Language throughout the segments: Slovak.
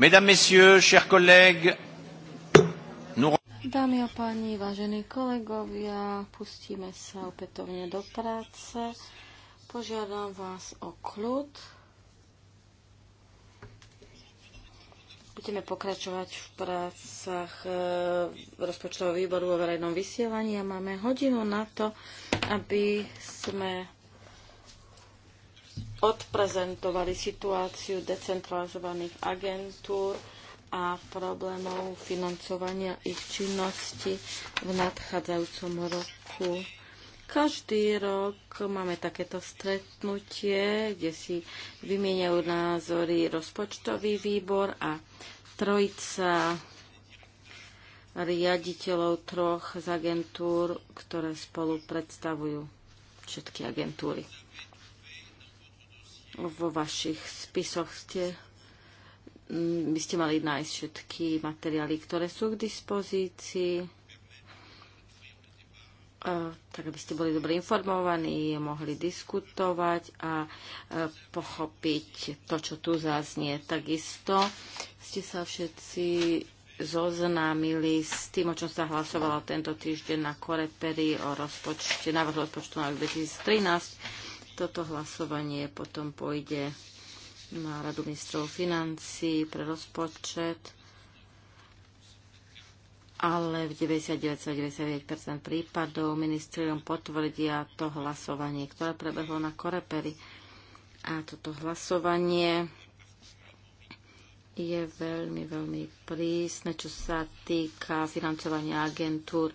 Mesdames, Messieurs, chers collègues, nous... Dámy a páni, vážení kolegovia, pustíme sa opätovne do práce. Požiadam vás o kľud. Budeme pokračovať v prácach e, rozpočtového výboru o verejnom vysielaní a máme hodinu na to, aby sme odprezentovali situáciu decentralizovaných agentúr a problémov financovania ich činnosti v nadchádzajúcom roku. Každý rok máme takéto stretnutie, kde si vymieňajú názory rozpočtový výbor a trojica riaditeľov troch z agentúr, ktoré spolu predstavujú všetky agentúry. Vo vašich spisoch ste, mm, by ste mali nájsť všetky materiály, ktoré sú k dispozícii, e, tak aby ste boli dobre informovaní, mohli diskutovať a e, pochopiť to, čo tu zaznie. Takisto ste sa všetci zoznámili s tým, o čom sa hlasovalo tento týždeň na Koreperi o rozpočte, návrh rozpočtu na 2013 toto hlasovanie potom pôjde na Radu ministrov financí pre rozpočet, ale v 99,99% prípadov ministrium potvrdia to hlasovanie, ktoré prebehlo na Korepery. A toto hlasovanie je veľmi, veľmi prísne, čo sa týka financovania agentúr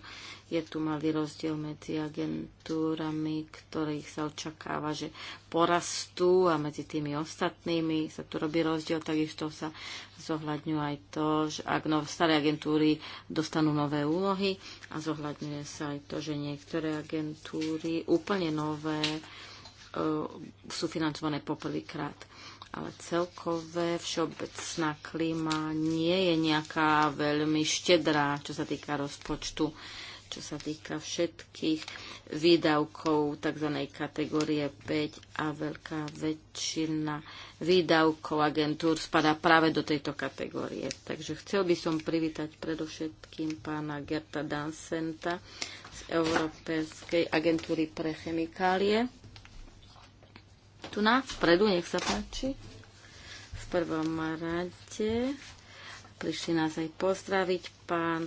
je tu malý rozdiel medzi agentúrami, ktorých sa očakáva, že porastú a medzi tými ostatnými sa tu robí rozdiel, takisto sa zohľadňuje aj to, že ak no, staré agentúry dostanú nové úlohy a zohľadňuje sa aj to, že niektoré agentúry úplne nové e, sú financované poprvýkrát. Ale celkové všeobecná klíma nie je nejaká veľmi štedrá, čo sa týka rozpočtu čo sa týka všetkých výdavkov tzv. kategórie 5 a veľká väčšina výdavkov agentúr spadá práve do tejto kategórie. Takže chcel by som privítať predovšetkým pána Gerta Dansenta z Európskej agentúry pre chemikálie. Tu na vpredu, nech sa páči. V prvom rade prišli nás aj pozdraviť pán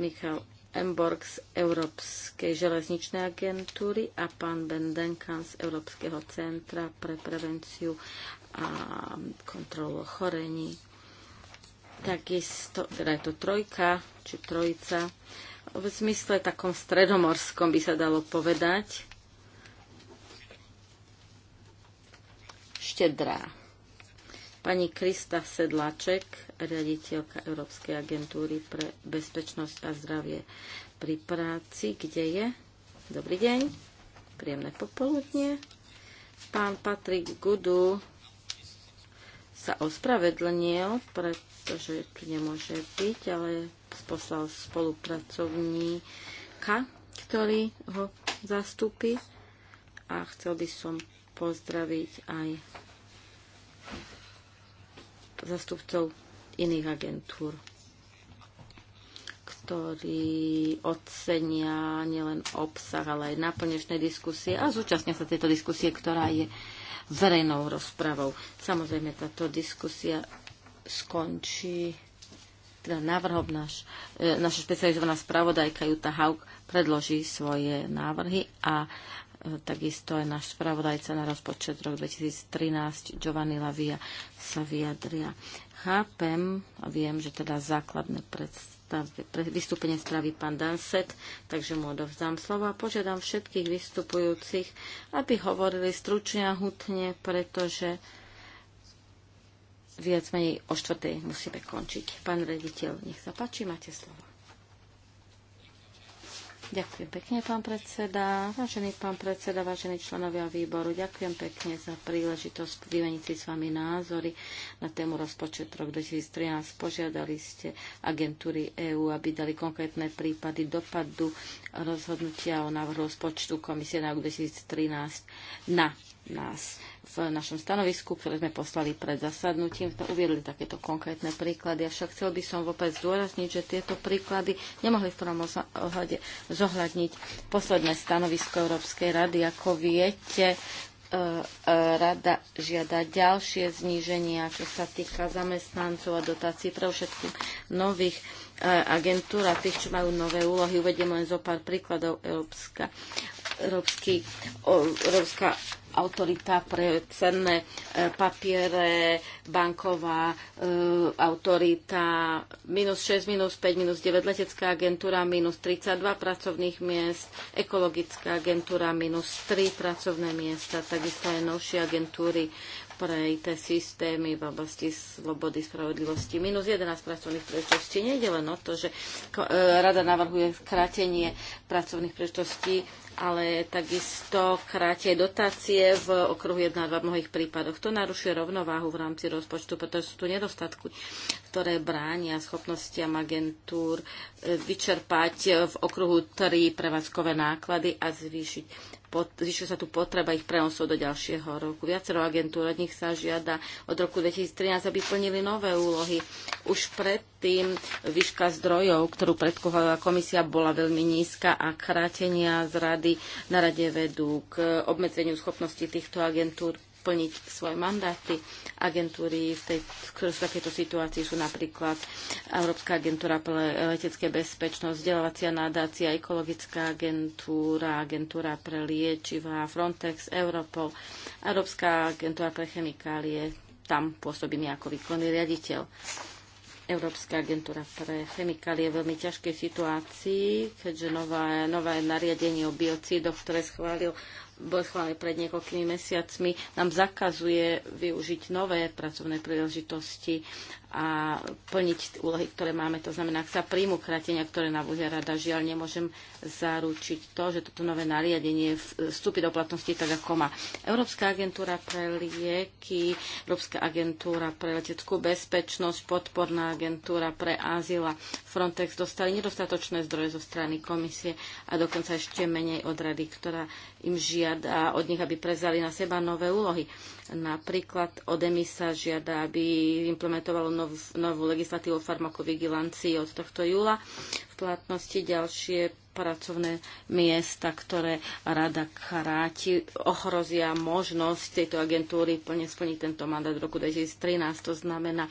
Michal Emborg z Európskej železničnej agentúry a pán Denkan z Európskeho centra pre prevenciu a kontrolu ochorení. Takisto, teda je to trojka, či trojica, v zmysle takom stredomorskom by sa dalo povedať. Štedrá Pani Krista Sedlaček, riaditeľka Európskej agentúry pre bezpečnosť a zdravie pri práci. Kde je? Dobrý deň. Príjemné popoludnie. Pán Patrik Gudu sa ospravedlnil, pretože tu nemôže byť, ale poslal spolupracovníka, ktorý ho zastúpi. A chcel by som pozdraviť aj zastupcov iných agentúr, ktorí ocenia nielen obsah, ale aj náplnešné diskusie a zúčastnia sa tejto diskusie, ktorá je verejnou rozpravou. Samozrejme, táto diskusia skončí teda návrhom náš, e, naša špecializovaná spravodajka Juta Haug predloží svoje návrhy a takisto aj náš spravodajca na rozpočet rok 2013 Giovanni Lavia sa vyjadria. Chápem a viem, že teda základné pre vystúpenie spraví pán Danset, takže mu odovzdám slovo a požiadam všetkých vystupujúcich, aby hovorili stručne a hutne, pretože viac menej o štvrtej musíme končiť. Pán rediteľ, nech sa páči, máte slovo. Ďakujem pekne, pán predseda. Vážený pán predseda, vážení členovia výboru, ďakujem pekne za príležitosť vymeniť si s vami názory na tému rozpočet rok 2013. Požiadali ste agentúry EÚ, aby dali konkrétne prípady dopadu rozhodnutia o návrhu rozpočtu komisie na rok 2013 na nás v našom stanovisku, ktoré sme poslali pred zasadnutím, sme uviedli takéto konkrétne príklady. Avšak chcel by som vôbec zdôrazniť, že tieto príklady nemohli v prvom ohľade zohľadniť posledné stanovisko Európskej rady. Ako viete, e, e, rada žiada ďalšie zníženia, čo sa týka zamestnancov a dotácií pre všetkých nových e, agentúr a tých, čo majú nové úlohy. Uvediem len zo pár príkladov. Európska, Európsky, Európska autorita pre cenné e, papiere, banková e, autorita, minus 6, minus 5, minus 9, letecká agentúra, minus 32 pracovných miest, ekologická agentúra, minus 3 pracovné miesta, takisto aj novšie agentúry pre IT systémy v oblasti slobody, spravodlivosti. Minus 11 pracovných príležitostí. Nejde len o to, že e, rada navrhuje skrátenie pracovných príležitostí, ale takisto krátie dotácie v okruhu 1 a 2 v mnohých prípadoch. To narušuje rovnováhu v rámci rozpočtu, pretože sú tu nedostatky, ktoré bránia schopnostiam agentúr e, vyčerpať v okruhu 3 prevádzkové náklady a zvýšiť zvyšuje sa tu potreba ich prenosov do ďalšieho roku. Viacero agentúr od nich sa žiada od roku 2013, aby plnili nové úlohy. Už predtým výška zdrojov, ktorú predkovala komisia, bola veľmi nízka a krátenia z rady na rade vedú k obmedzeniu schopnosti týchto agentúr plniť svoje mandáty. Agentúry v, tej, v takejto situácii sú napríklad Európska agentúra pre letecké bezpečnosť, vzdelávacia nadácia, ekologická agentúra, agentúra pre liečivá, Frontex, Europol, Európska agentúra pre chemikálie, tam pôsobím ja ako výkonný riaditeľ. Európska agentúra pre chemikálie je v veľmi ťažkej situácii, keďže nové, nové nariadenie o biocidoch, ktoré schválil bol schválený pred niekoľkými mesiacmi, nám zakazuje využiť nové pracovné príležitosti a plniť úlohy, ktoré máme. To znamená, ak sa príjmu kratenia, ktoré navrhuje rada, žiaľ nemôžem zaručiť to, že toto nové nariadenie vstúpi do platnosti tak, ako má. Európska agentúra pre lieky, Európska agentúra pre leteckú bezpečnosť, podporná agentúra pre azyl a Frontex dostali nedostatočné zdroje zo strany komisie a dokonca ešte menej od rady, ktorá im žia žiada od nich, aby prezali na seba nové úlohy. Napríklad od EMISA žiada, aby implementovalo nov, novú legislatívu o farmakovigilancii od tohto júla. V platnosti ďalšie pracovné miesta, ktoré rada kráti, ohrozia možnosť tejto agentúry plne splniť tento mandát v roku 2013. To znamená,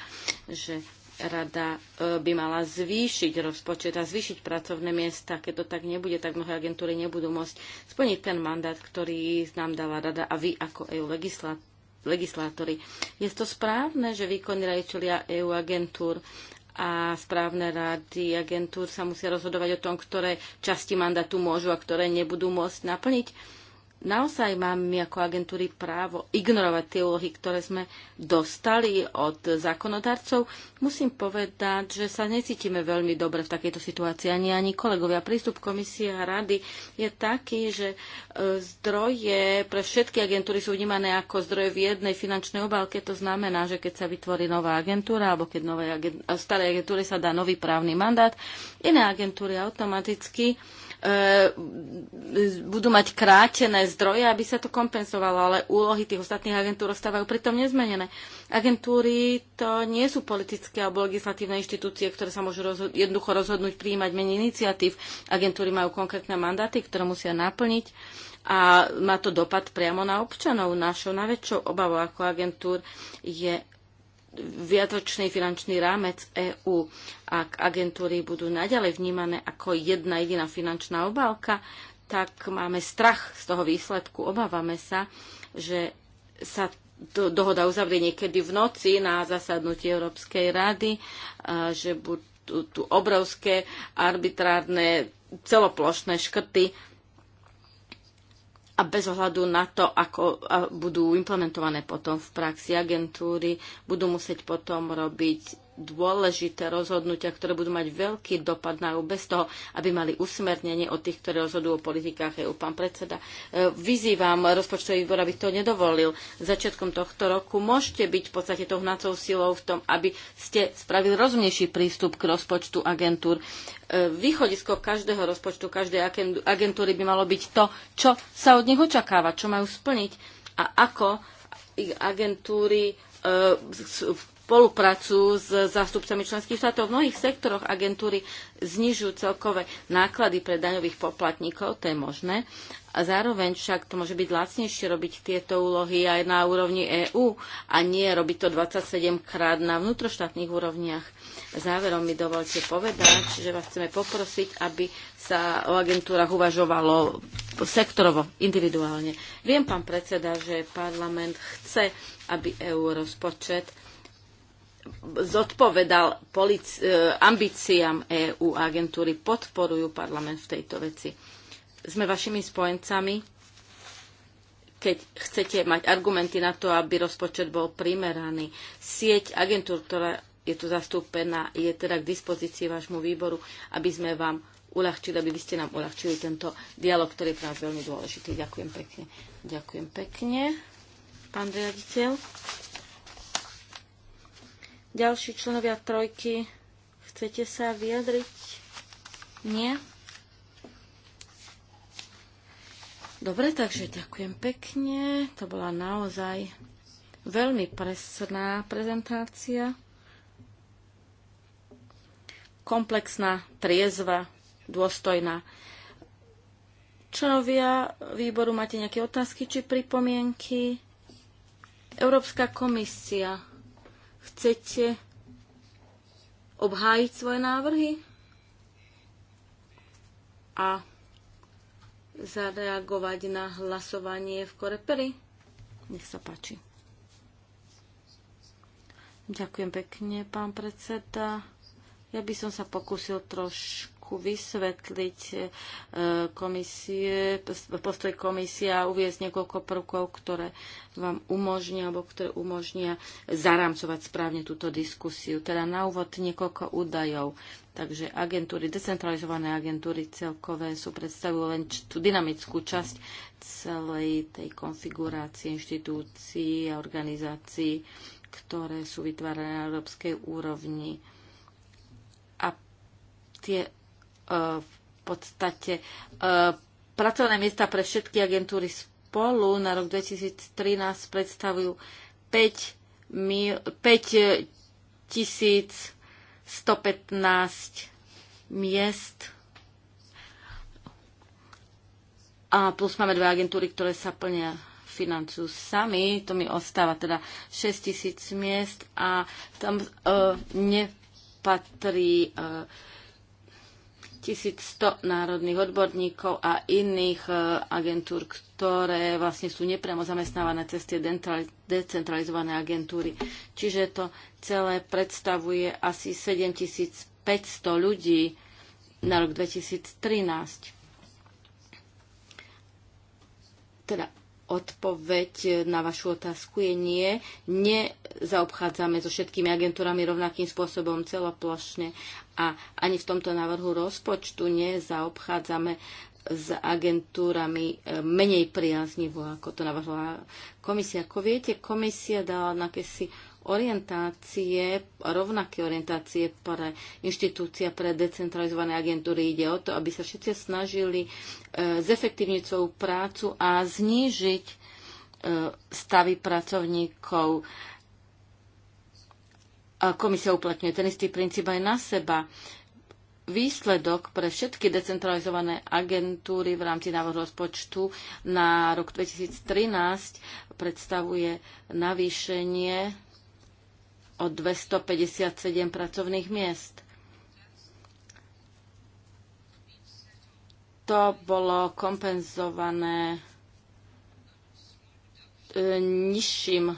že rada e, by mala zvýšiť rozpočet a zvýšiť pracovné miesta. Keď to tak nebude, tak mnohé agentúry nebudú môcť splniť ten mandát, ktorý nám dala rada a vy ako EU legislátori. Je to správne, že výkonní rejčelia EU agentúr a správne rady agentúr sa musia rozhodovať o tom, ktoré časti mandátu môžu a ktoré nebudú môcť naplniť? naozaj máme my ako agentúry právo ignorovať tie úlohy, ktoré sme dostali od zákonodarcov, musím povedať, že sa necítime veľmi dobre v takejto situácii, ani ani kolegovia. Prístup komisie a rady je taký, že e, zdroje pre všetky agentúry sú vnímané ako zdroje v jednej finančnej obálke. To znamená, že keď sa vytvorí nová agentúra, alebo keď novej agentúre, starej agentúre sa dá nový právny mandát, iné agentúry automaticky E, budú mať krátené zdroje, aby sa to kompenzovalo, ale úlohy tých ostatných agentúr ostávajú pritom nezmenené. Agentúry to nie sú politické alebo legislatívne inštitúcie, ktoré sa môžu rozho- jednoducho rozhodnúť prijímať menej iniciatív. Agentúry majú konkrétne mandáty, ktoré musia naplniť a má to dopad priamo na občanov. Našou najväčšou obavou ako agentúr je viacročný finančný rámec EÚ. Ak agentúry budú naďalej vnímané ako jedna jediná finančná obálka, tak máme strach z toho výsledku. Obávame sa, že sa to dohoda uzavrie niekedy v noci na zasadnutí Európskej rady, že budú tu obrovské arbitrárne celoplošné škrty a bez ohľadu na to, ako budú implementované potom v praxi agentúry, budú musieť potom robiť dôležité rozhodnutia, ktoré budú mať veľký dopad na EU bez toho, aby mali usmernenie od tých, ktorí rozhodujú o politikách EU. Pán predseda, e, vyzývam rozpočtový výbor, aby to nedovolil. Začiatkom tohto roku môžete byť v podstate tou hnacou silou v tom, aby ste spravili rozumnejší prístup k rozpočtu agentúr. E, východisko každého rozpočtu, každej agentúry by malo byť to, čo sa od nich očakáva, čo majú splniť a ako ich agentúry e, spoluprácu s zástupcami členských štátov v mnohých sektoroch agentúry znižujú celkové náklady pre daňových poplatníkov, to je možné. A zároveň však to môže byť lacnejšie robiť tieto úlohy aj na úrovni EÚ a nie robiť to 27 krát na vnútroštátnych úrovniach. Záverom mi dovolte povedať, že vás chceme poprosiť, aby sa o agentúrach uvažovalo sektorovo, individuálne. Viem, pán predseda, že parlament chce, aby EU rozpočet zodpovedal polic- eh, ambíciám EÚ a agentúry podporujú parlament v tejto veci. Sme vašimi spojencami, keď chcete mať argumenty na to, aby rozpočet bol primeraný. Sieť agentúr, ktorá je tu zastúpená, je teda k dispozícii vášmu výboru, aby sme vám uľahčili, aby vy ste nám uľahčili tento dialog, ktorý je pre nás veľmi dôležitý. Ďakujem pekne. Ďakujem pekne, pán riaditeľ. Ďalší členovia trojky, chcete sa vyjadriť? Nie? Dobre, takže ďakujem pekne. To bola naozaj veľmi presná prezentácia. Komplexná, triezva, dôstojná. Členovia výboru, máte nejaké otázky či pripomienky? Európska komisia. Chcete obhájiť svoje návrhy a zareagovať na hlasovanie v Koreperi? Nech sa páči. Ďakujem pekne, pán predseda. Ja by som sa pokúsil trošku trochu vysvetliť e, komisie, postoj komisia a uviezť niekoľko prvkov, ktoré vám umožnia, alebo ktoré umožnia zarámcovať správne túto diskusiu. Teda na úvod niekoľko údajov. Takže agentúry, decentralizované agentúry celkové sú predstavujú len tú dynamickú časť celej tej konfigurácie inštitúcií a organizácií, ktoré sú vytvárané na európskej úrovni. A tie E, v podstate e, pracovné miesta pre všetky agentúry spolu na rok 2013 predstavujú 5, 5 115 miest a plus máme dve agentúry, ktoré sa plnia financujú sami, to mi ostáva teda 6 tisíc miest a tam uh, e, nepatrí uh, 1100 národných odborníkov a iných e, agentúr, ktoré vlastne sú nepriamo zamestnávané cez tie decentralizované agentúry. Čiže to celé predstavuje asi 7500 ľudí na rok 2013. Teda Odpoveď na vašu otázku je nie. Nezaobchádzame so všetkými agentúrami rovnakým spôsobom celoplošne a ani v tomto návrhu rozpočtu nezaobchádzame s agentúrami e, menej priaznivo, ako to navrhla komisia. Ako viete, komisia dala na kesi orientácie, rovnaké orientácie pre inštitúcia, pre decentralizované agentúry. Ide o to, aby sa všetci snažili e, zefektívniť svoju prácu a znížiť e, stavy pracovníkov. komisia uplatňuje ten istý princíp aj na seba. Výsledok pre všetky decentralizované agentúry v rámci návrhu rozpočtu na rok 2013 predstavuje navýšenie o 257 pracovných miest. To bolo kompenzované e, nižším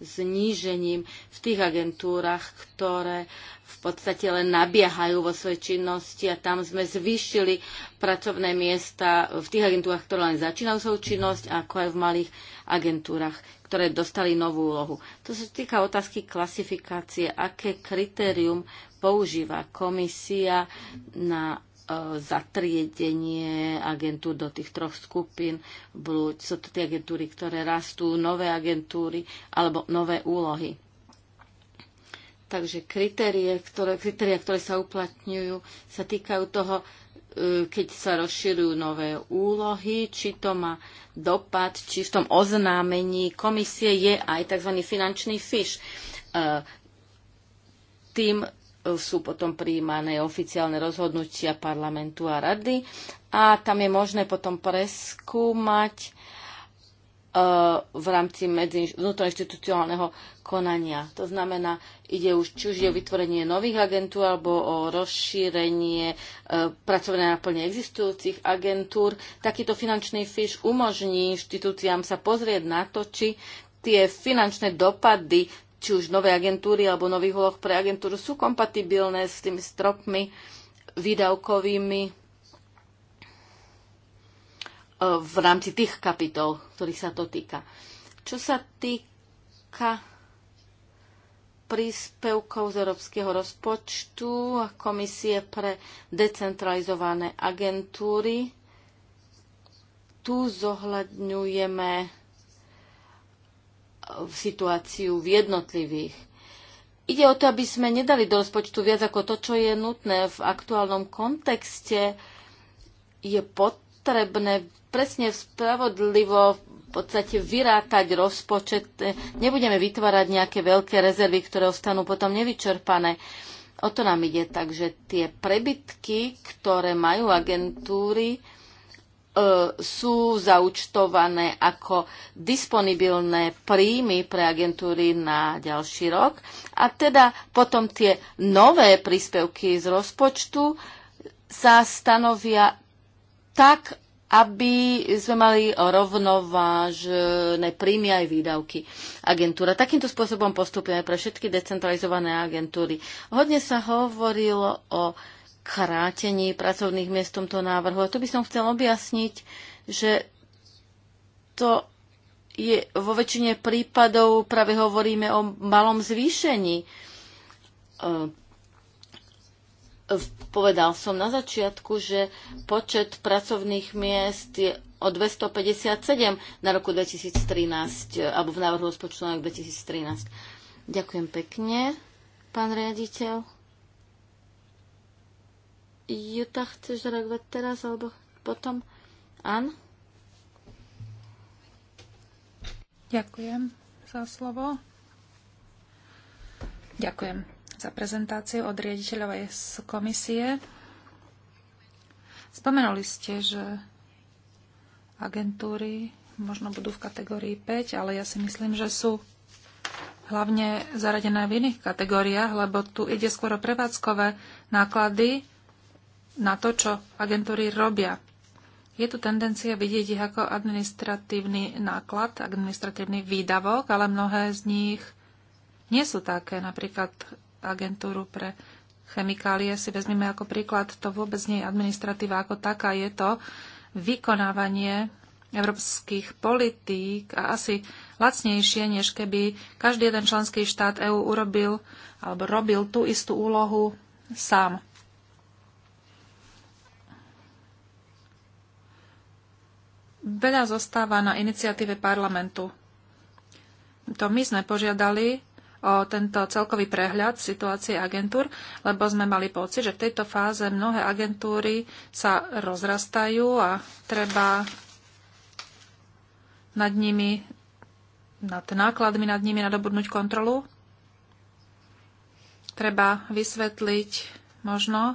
znížením v tých agentúrach, ktoré v podstate len nabiehajú vo svojej činnosti a tam sme zvýšili pracovné miesta v tých agentúrach, ktoré len začínajú svoju činnosť, ako aj v malých agentúrach, ktoré dostali novú úlohu. To sa týka otázky klasifikácie, aké kritérium používa komisia na E, zatriedenie agentúr do tých troch skupín. Buď sú to tie agentúry, ktoré rastú, nové agentúry alebo nové úlohy. Takže kritérie, ktoré, kritéria, ktoré sa uplatňujú, sa týkajú toho, e, keď sa rozširujú nové úlohy, či to má dopad, či v tom oznámení komisie je aj tzv. finančný fiš. E, tým sú potom prijímané oficiálne rozhodnutia parlamentu a rady a tam je možné potom preskúmať e, v rámci medzi vnútroinstitucionálneho konania. To znamená, ide už či už je o vytvorenie nových agentúr alebo o rozšírenie e, pracovania na existujúcich agentúr. Takýto finančný fiš umožní inštitúciám sa pozrieť na to, či tie finančné dopady či už nové agentúry alebo nových úloh pre agentúru sú kompatibilné s tými stropmi výdavkovými e, v rámci tých kapitol, ktorých sa to týka. Čo sa týka príspevkov z európskeho rozpočtu a komisie pre decentralizované agentúry, tu zohľadňujeme situáciu v jednotlivých. Ide o to, aby sme nedali do rozpočtu viac ako to, čo je nutné v aktuálnom kontexte. Je potrebné presne spravodlivo v podstate vyrátať rozpočet. Nebudeme vytvárať nejaké veľké rezervy, ktoré ostanú potom nevyčerpané. O to nám ide. Takže tie prebytky, ktoré majú agentúry, E, sú zaučtované ako disponibilné príjmy pre agentúry na ďalší rok. A teda potom tie nové príspevky z rozpočtu sa stanovia tak, aby sme mali rovnovážne príjmy aj výdavky agentúra. Takýmto spôsobom postupujeme pre všetky decentralizované agentúry. Hodne sa hovorilo o krátení pracovných miest v tomto návrhu. A to by som chcel objasniť, že to je, vo väčšine prípadov práve hovoríme o malom zvýšení. E, povedal som na začiatku, že počet pracovných miest je o 257 na roku 2013, alebo v návrhu rozpočtu na rok 2013. Ďakujem pekne, pán riaditeľ. Juta, chceš reagovať teraz alebo potom? An? Ďakujem za slovo. Ďakujem za prezentáciu od riaditeľovej z komisie. Spomenuli ste, že agentúry možno budú v kategórii 5, ale ja si myslím, že sú hlavne zaradené v iných kategóriách, lebo tu ide skôr o prevádzkové náklady, na to, čo agentúry robia. Je tu tendencia vidieť ich ako administratívny náklad, administratívny výdavok, ale mnohé z nich nie sú také. Napríklad agentúru pre chemikálie si vezmeme ako príklad. To vôbec nie je administratíva ako taká. Je to vykonávanie európskych politík a asi lacnejšie, než keby každý jeden členský štát EÚ urobil alebo robil tú istú úlohu sám. veľa zostáva na iniciatíve parlamentu. To my sme požiadali o tento celkový prehľad situácie agentúr, lebo sme mali pocit, že v tejto fáze mnohé agentúry sa rozrastajú a treba nad nimi, nad nákladmi nad nimi nadobudnúť kontrolu. Treba vysvetliť možno,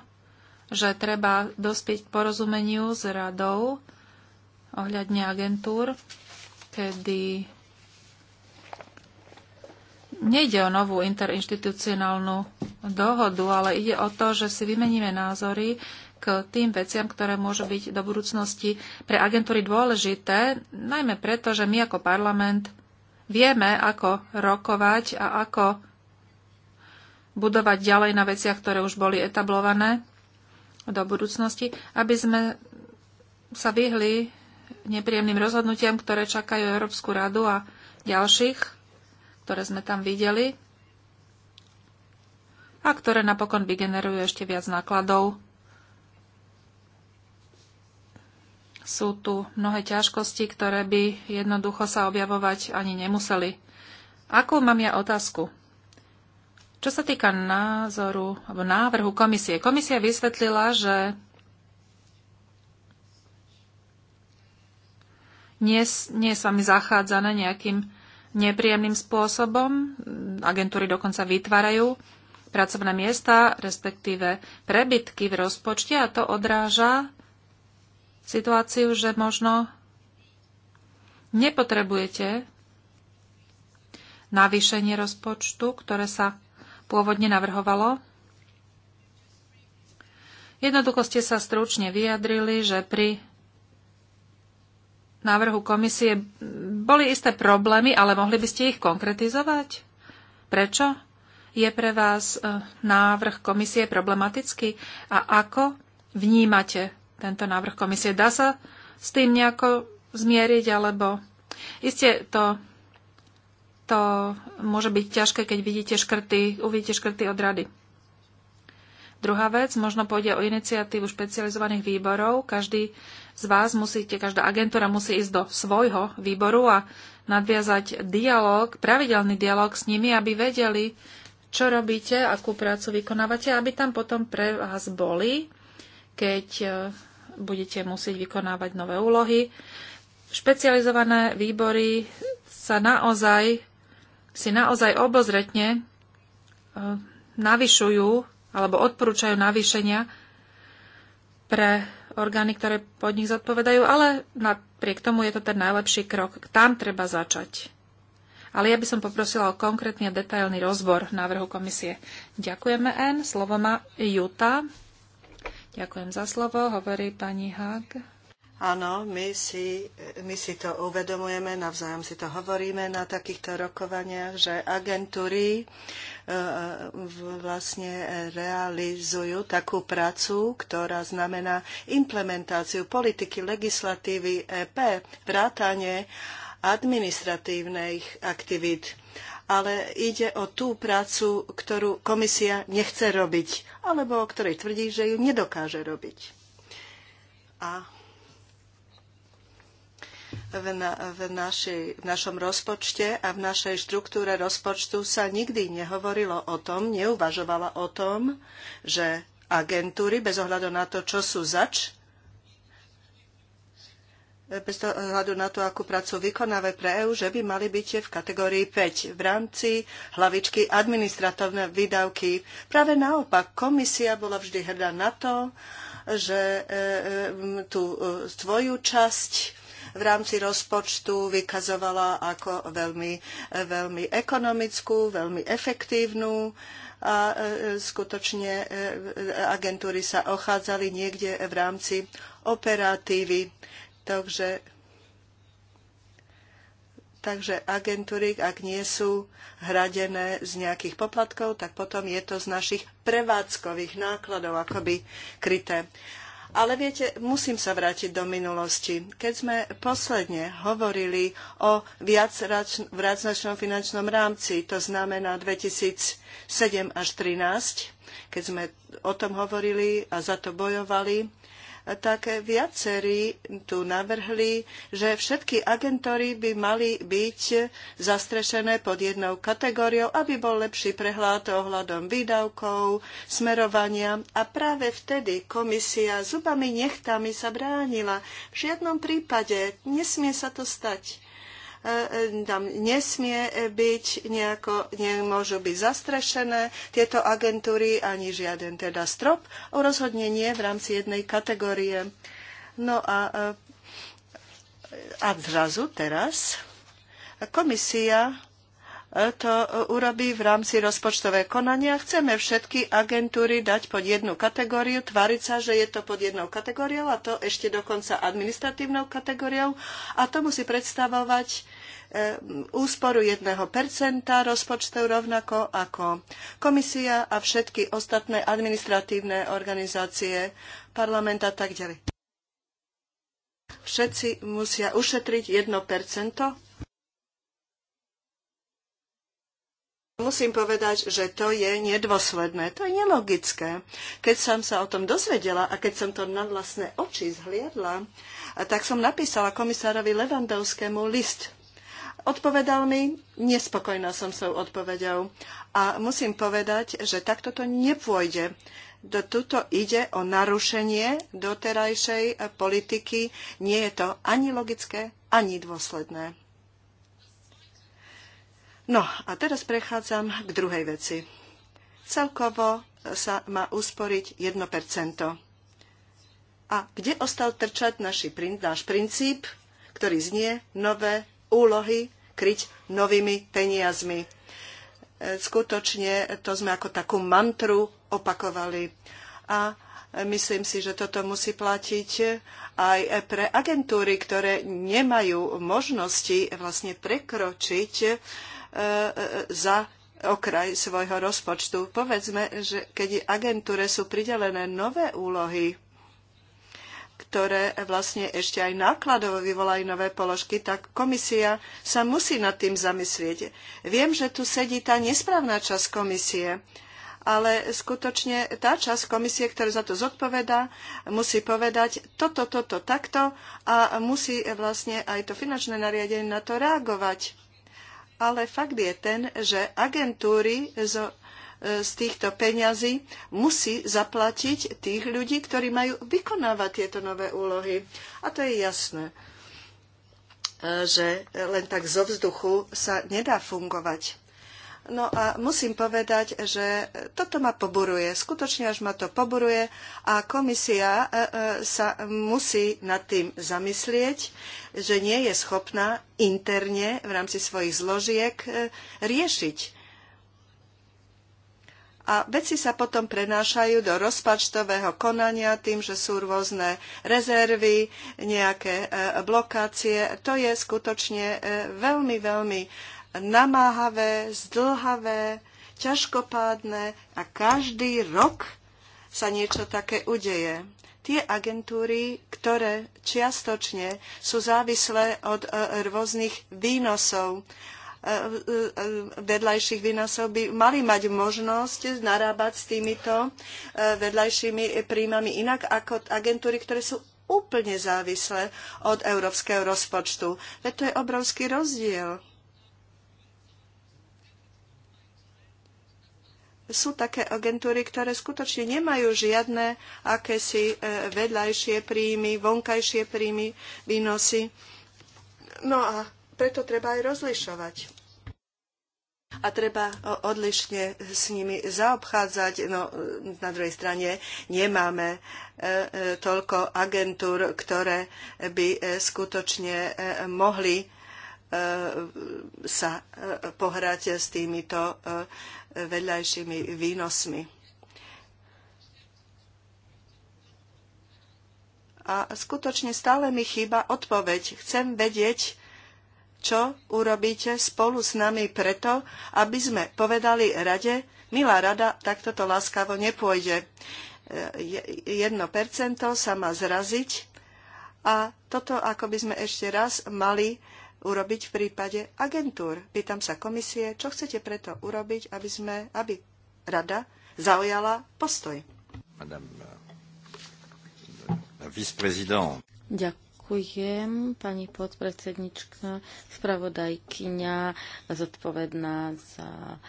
že treba dospieť k porozumeniu s radou ohľadne agentúr, kedy nejde o novú interinstitucionálnu dohodu, ale ide o to, že si vymeníme názory k tým veciam, ktoré môžu byť do budúcnosti pre agentúry dôležité, najmä preto, že my ako parlament vieme, ako rokovať a ako budovať ďalej na veciach, ktoré už boli etablované do budúcnosti, aby sme sa vyhli nepríjemným rozhodnutiam, ktoré čakajú Európsku radu a ďalších, ktoré sme tam videli a ktoré napokon vygenerujú ešte viac nákladov. Sú tu mnohé ťažkosti, ktoré by jednoducho sa objavovať ani nemuseli. Akú mám ja otázku? Čo sa týka názoru alebo návrhu komisie, komisia vysvetlila, že nie, nie je mi vami zachádzané nejakým nepríjemným spôsobom. Agentúry dokonca vytvárajú pracovné miesta, respektíve prebytky v rozpočte a to odráža situáciu, že možno nepotrebujete navýšenie rozpočtu, ktoré sa pôvodne navrhovalo. Jednoducho ste sa stručne vyjadrili, že pri návrhu komisie boli isté problémy, ale mohli by ste ich konkretizovať? Prečo je pre vás e, návrh komisie problematický a ako vnímate tento návrh komisie? Dá sa s tým nejako zmieriť alebo... Isté to, to môže byť ťažké, keď vidíte škrty, uvidíte škrty od rady. Druhá vec, možno pôjde o iniciatívu špecializovaných výborov. Každý z vás musíte, každá agentúra musí ísť do svojho výboru a nadviazať dialog, pravidelný dialog s nimi, aby vedeli, čo robíte, akú prácu vykonávate, aby tam potom pre vás boli, keď e, budete musieť vykonávať nové úlohy. Špecializované výbory sa naozaj, si naozaj obozretne e, navyšujú alebo odporúčajú navýšenia pre orgány, ktoré pod nich zodpovedajú, ale napriek tomu je to ten najlepší krok. Tam treba začať. Ale ja by som poprosila o konkrétny a detailný rozbor návrhu komisie. Ďakujeme, N. Slovo má Juta. Ďakujem za slovo, hovorí pani Hag. Áno, my si, my si to uvedomujeme, navzájom si to hovoríme na takýchto rokovaniach, že agentúry e, vlastne realizujú takú prácu, ktorá znamená implementáciu politiky legislatívy EP, vrátanie administratívnych aktivít ale ide o tú prácu, ktorú komisia nechce robiť, alebo o ktorej tvrdí, že ju nedokáže robiť. A v, na, v, našej, v našom rozpočte a v našej štruktúre rozpočtu sa nikdy nehovorilo o tom, neuvažovala o tom, že agentúry, bez ohľadu na to, čo sú zač, bez ohľadu na to, akú prácu vykonávajú pre EÚ, že by mali byť v kategórii 5 v rámci hlavičky administratívne výdavky. Práve naopak, komisia bola vždy hrdá na to, že e, e, tú svoju e, časť v rámci rozpočtu vykazovala ako veľmi, veľmi ekonomickú, veľmi efektívnu a e, skutočne e, e, agentúry sa ochádzali niekde v rámci operatívy. Takže Takže agentúry, ak nie sú hradené z nejakých poplatkov, tak potom je to z našich prevádzkových nákladov akoby kryté. Ale viete, musím sa vrátiť do minulosti. Keď sme posledne hovorili o viacračnom finančnom rámci, to znamená 2007 až 2013, keď sme o tom hovorili a za to bojovali, tak viacerí tu navrhli, že všetky agentory by mali byť zastrešené pod jednou kategóriou, aby bol lepší prehľad ohľadom výdavkov, smerovania a práve vtedy komisia zubami nechtami sa bránila. V žiadnom prípade nesmie sa to stať. E, tam nesmie byť nejako, nemôžu byť zastrešené tieto agentúry, ani žiaden teda strop, o rozhodne nie v rámci jednej kategórie. No a, e, a zrazu teraz komisia to urobí v rámci rozpočtové konania. Chceme všetky agentúry dať pod jednu kategóriu, tváriť sa, že je to pod jednou kategóriou a to ešte dokonca administratívnou kategóriou a to musí predstavovať eh, úsporu 1% rozpočtov rovnako ako komisia a všetky ostatné administratívne organizácie, parlament a tak ďalej. Všetci musia ušetriť 1% Musím povedať, že to je nedôsledné, to je nelogické. Keď som sa o tom dozvedela a keď som to na vlastné oči zhliadla, tak som napísala komisárovi Levandovskému list. Odpovedal mi, nespokojná som sa odpovedou. A musím povedať, že takto to nepôjde. Do tuto ide o narušenie doterajšej politiky. Nie je to ani logické, ani dôsledné. No a teraz prechádzam k druhej veci. Celkovo sa má usporiť 1%. A kde ostal trčať naši, náš princíp, ktorý znie nové úlohy kryť novými peniazmi? E, skutočne to sme ako takú mantru opakovali. A myslím si, že toto musí platiť aj pre agentúry, ktoré nemajú možnosti vlastne prekročiť E, e, za okraj svojho rozpočtu. Povedzme, že keď agentúre sú pridelené nové úlohy, ktoré vlastne ešte aj nákladovo vyvolajú nové položky, tak komisia sa musí nad tým zamyslieť. Viem, že tu sedí tá nesprávna časť komisie, ale skutočne tá časť komisie, ktorá za to zodpovedá, musí povedať toto, toto, takto a musí vlastne aj to finančné nariadenie na to reagovať ale fakt je ten, že agentúry z, e, z týchto peňazí musí zaplatiť tých ľudí, ktorí majú vykonávať tieto nové úlohy. A to je jasné, e, že len tak zo vzduchu sa nedá fungovať. No a musím povedať, že toto ma poburuje. Skutočne až ma to poburuje a komisia e, e, sa musí nad tým zamyslieť, že nie je schopná interne v rámci svojich zložiek e, riešiť a veci sa potom prenášajú do rozpačtového konania tým, že sú rôzne rezervy, nejaké blokácie. To je skutočne veľmi, veľmi namáhavé, zdlhavé, ťažkopádne a každý rok sa niečo také udeje. Tie agentúry, ktoré čiastočne sú závislé od e, rôznych výnosov, e, e, vedľajších výnosov by mali mať možnosť narábať s týmito vedľajšími príjmami inak ako agentúry, ktoré sú úplne závislé od európskeho rozpočtu. Veď to je obrovský rozdiel. sú také agentúry, ktoré skutočne nemajú žiadne akési e, vedľajšie príjmy, vonkajšie príjmy, výnosy. No a preto treba aj rozlišovať. A treba odlišne s nimi zaobchádzať. No, na druhej strane nemáme e, e, toľko agentúr, ktoré by skutočne mohli sa pohrať s týmito vedľajšími výnosmi. A skutočne stále mi chýba odpoveď. Chcem vedieť, čo urobíte spolu s nami preto, aby sme povedali rade, milá rada, tak toto láskavo nepôjde. 1% sa má zraziť a toto ako by sme ešte raz mali urobiť v prípade agentúr. Pýtam sa komisie, čo chcete preto urobiť, aby, sme, aby rada zaujala postoj. Madame euh, la Ďakujem, pani podpredsednička, spravodajkyňa, zodpovedná za e,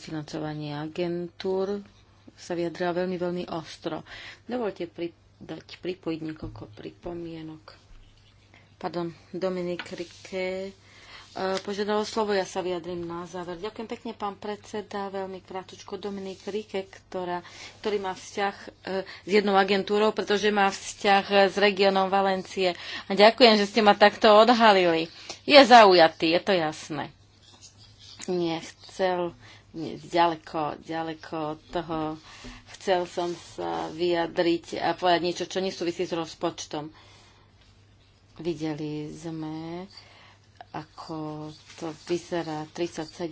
financovanie agentúr, sa vyjadrila veľmi, veľmi ostro. Dovolte pridať pripojiť niekoľko pripomienok pardon, Dominik Rike e, požiadalo slovo, ja sa vyjadrím na záver. Ďakujem pekne, pán predseda, veľmi krátko Dominik Rike, ktorá, ktorý má vzťah e, s jednou agentúrou, pretože má vzťah e, s regiónom Valencie. A ďakujem, že ste ma takto odhalili. Je zaujatý, je to jasné. Nechcel ďaleko, ďaleko od toho. Chcel som sa vyjadriť a povedať niečo, čo nesúvisí s rozpočtom Videli sme, ako to vyzerá 37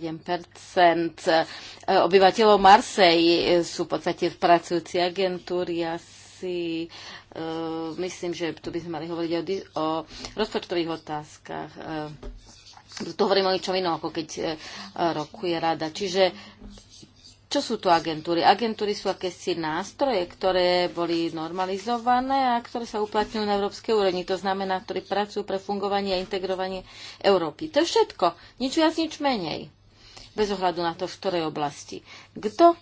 obyvateľov Marsej sú v podstate pracujúci agentúry asi e, myslím, že tu by sme mali hovoriť o, o rozpočtových otázkach. E, tu hovorím o ničom inom, ako keď e, rokuje rada. Čiže čo sú to agentúry? Agentúry sú akési nástroje, ktoré boli normalizované a ktoré sa uplatňujú na európskej úrovni. To znamená, ktorí pracujú pre fungovanie a integrovanie Európy. To je všetko. Nič viac, nič menej. Bez ohľadu na to, v ktorej oblasti. Kto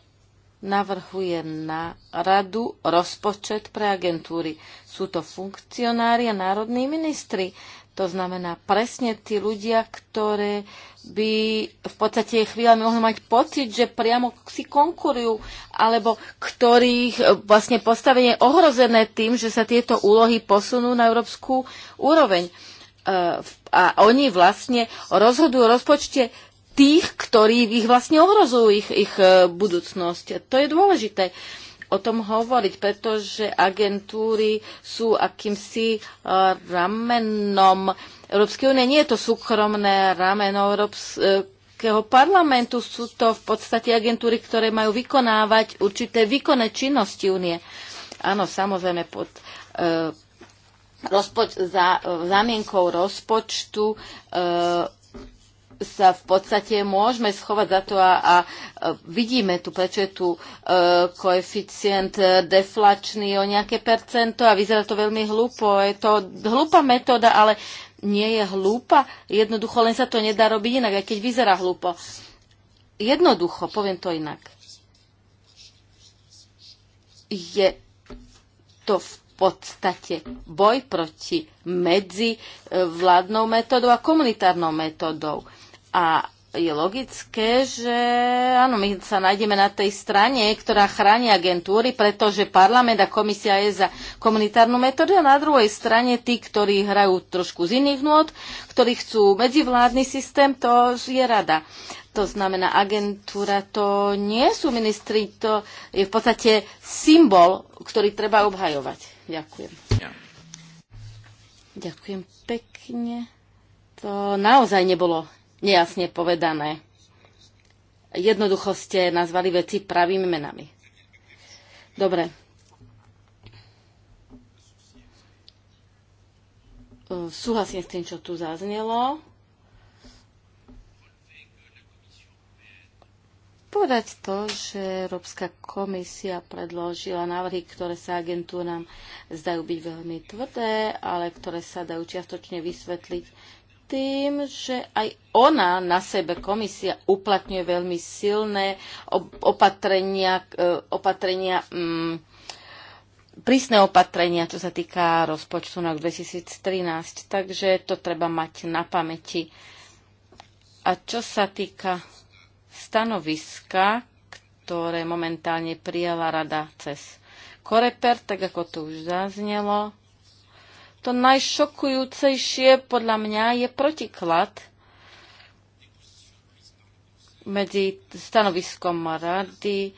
navrhuje na radu rozpočet pre agentúry? Sú to funkcionári a národní ministri. To znamená presne tí ľudia, ktoré by v podstate chvíľami mohli mať pocit, že priamo si konkurujú, alebo ktorých e, vlastne postavenie je ohrozené tým, že sa tieto úlohy posunú na európsku úroveň. E, a oni vlastne rozhodujú o rozpočte tých, ktorí ich vlastne ohrozujú ich, ich e, budúcnosť. To je dôležité. Uh, o tom hovoriť, pretože agentúry sú akýmsi eh, ramenom Európskej únie. Nie je to súkromné rameno Európskeho parlamentu, sú to v podstate agentúry, ktoré majú vykonávať určité výkonné činnosti únie. Áno, samozrejme, pod, e, rozpoč- za, e, zamienkou rozpočtu e, sa v podstate môžeme schovať za to a, a e, vidíme tu, prečo je tu e, koeficient e, deflačný o nejaké percento a vyzerá to veľmi hlúpo. Je to hlúpa metóda, ale nie je hlúpa. Jednoducho len sa to nedá robiť inak, aj keď vyzerá hlúpo. Jednoducho, poviem to inak. Je to v podstate boj proti medzi vládnou metodou a komunitárnou metodou. A je logické, že áno, my sa nájdeme na tej strane, ktorá chráni agentúry, pretože parlament a komisia je za komunitárnu metódu a na druhej strane tí, ktorí hrajú trošku z iných nôd, ktorí chcú medzivládny systém, to je rada. To znamená, agentúra to nie sú ministri, to je v podstate symbol, ktorý treba obhajovať. Ďakujem. Ja. Ďakujem pekne. To naozaj nebolo nejasne povedané. Jednoducho ste nazvali veci pravými menami. Dobre. Súhlasím s tým, čo tu zaznelo. povedať to, že Európska komisia predložila návrhy, ktoré sa agentúram zdajú byť veľmi tvrdé, ale ktoré sa dajú čiastočne vysvetliť tým, že aj ona na sebe, komisia, uplatňuje veľmi silné opatrenia, e, opatrenia mm, prísne opatrenia, čo sa týka rozpočtu na 2013. Takže to treba mať na pamäti. A čo sa týka stanoviska, ktoré momentálne prijala rada cez Koreper, tak ako to už zaznelo, to najšokujúcejšie podľa mňa je protiklad medzi stanoviskom rady.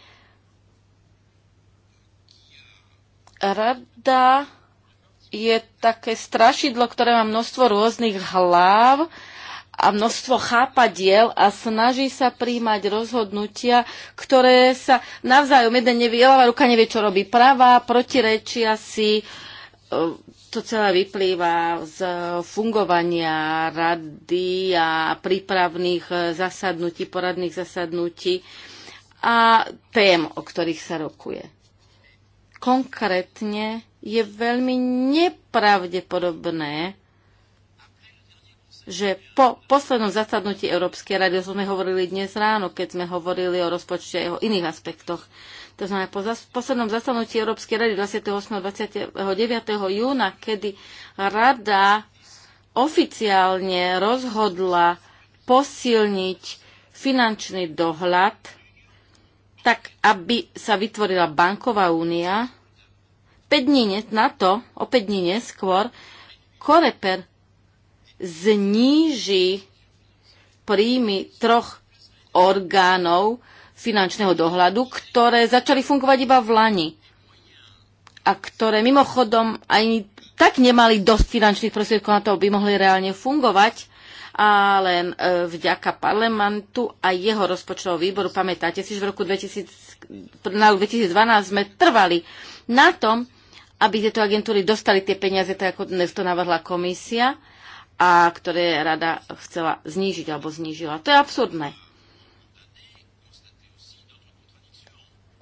Rada je také strašidlo, ktoré má množstvo rôznych hlav a množstvo chápadiel a snaží sa príjmať rozhodnutia, ktoré sa navzájom jeden nevie, ľavá ruka nevie, čo robí pravá, protirečia si, to celé vyplýva z fungovania rady a prípravných zasadnutí, poradných zasadnutí a tém, o ktorých sa rokuje. Konkrétne je veľmi nepravdepodobné, že po poslednom zasadnutí Európskej rady, o sme hovorili dnes ráno, keď sme hovorili o rozpočte a jeho iných aspektoch, to znamená, po zas- poslednom zasadnutí Európskej rady 28. 29. júna, kedy rada oficiálne rozhodla posilniť finančný dohľad, tak aby sa vytvorila banková únia, 5 dní na to, o 5 dní neskôr, Koreper zníži príjmy troch orgánov finančného dohľadu, ktoré začali fungovať iba v Lani a ktoré mimochodom ani tak nemali dosť finančných prostriedkov na to, aby mohli reálne fungovať, a len e, vďaka parlamentu a jeho rozpočtovom výboru. Pamätáte si, že v roku 2000, na rok 2012 sme trvali na tom, aby tieto agentúry dostali tie peniaze, tak ako dnes to navrhla komisia, a ktoré rada chcela znížiť alebo znížila. To je absurdné.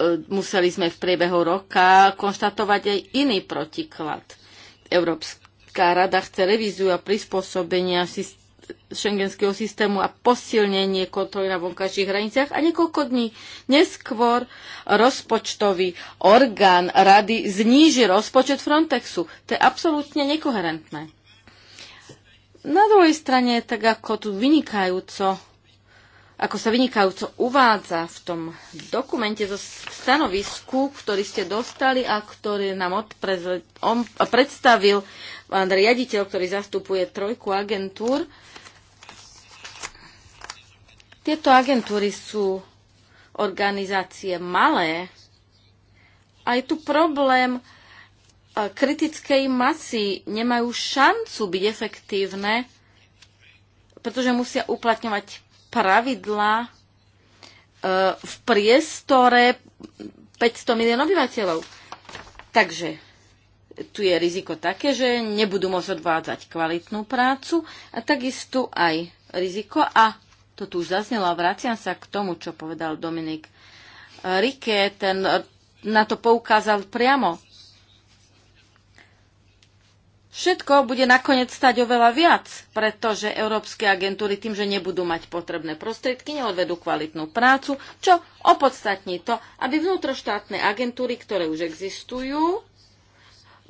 E, museli sme v priebehu roka konštatovať aj iný protiklad. Európska rada chce revíziu a prispôsobenia šengenského systému a posilnenie kontroly na vonkajších hraniciach a niekoľko dní neskôr rozpočtový orgán rady zníži rozpočet Frontexu. To je absolútne nekoherentné. Na druhej strane, tak ako tu vynikajúco ako sa vynikajúco uvádza v tom dokumente zo stanovisku, ktorý ste dostali a ktorý nám on predstavil pán riaditeľ, ktorý zastupuje trojku agentúr. Tieto agentúry sú organizácie malé a je tu problém e, kritickej masy. Nemajú šancu byť efektívne, pretože musia uplatňovať pravidla e, v priestore 500 milión obyvateľov. Takže tu je riziko také, že nebudú môcť odvádzať kvalitnú prácu a takisto aj riziko, a to tu už zaznelo a vraciam sa k tomu, čo povedal Dominik Rike, ten na to poukázal priamo všetko bude nakoniec stať oveľa viac, pretože európske agentúry tým, že nebudú mať potrebné prostriedky, neodvedú kvalitnú prácu, čo opodstatní to, aby vnútroštátne agentúry, ktoré už existujú,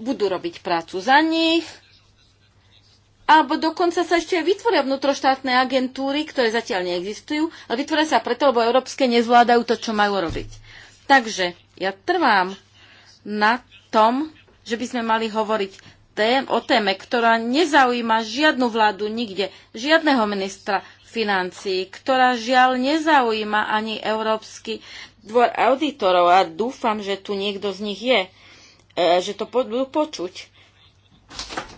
budú robiť prácu za nich, alebo dokonca sa ešte vytvoria vnútroštátne agentúry, ktoré zatiaľ neexistujú, ale vytvoria sa preto, lebo európske nezvládajú to, čo majú robiť. Takže ja trvám na tom, že by sme mali hovoriť tém, o téme, ktorá nezaujíma žiadnu vládu nikde, žiadneho ministra financií, ktorá žiaľ nezaujíma ani Európsky dvor auditorov a dúfam, že tu niekto z nich je, e, že to budú počuť.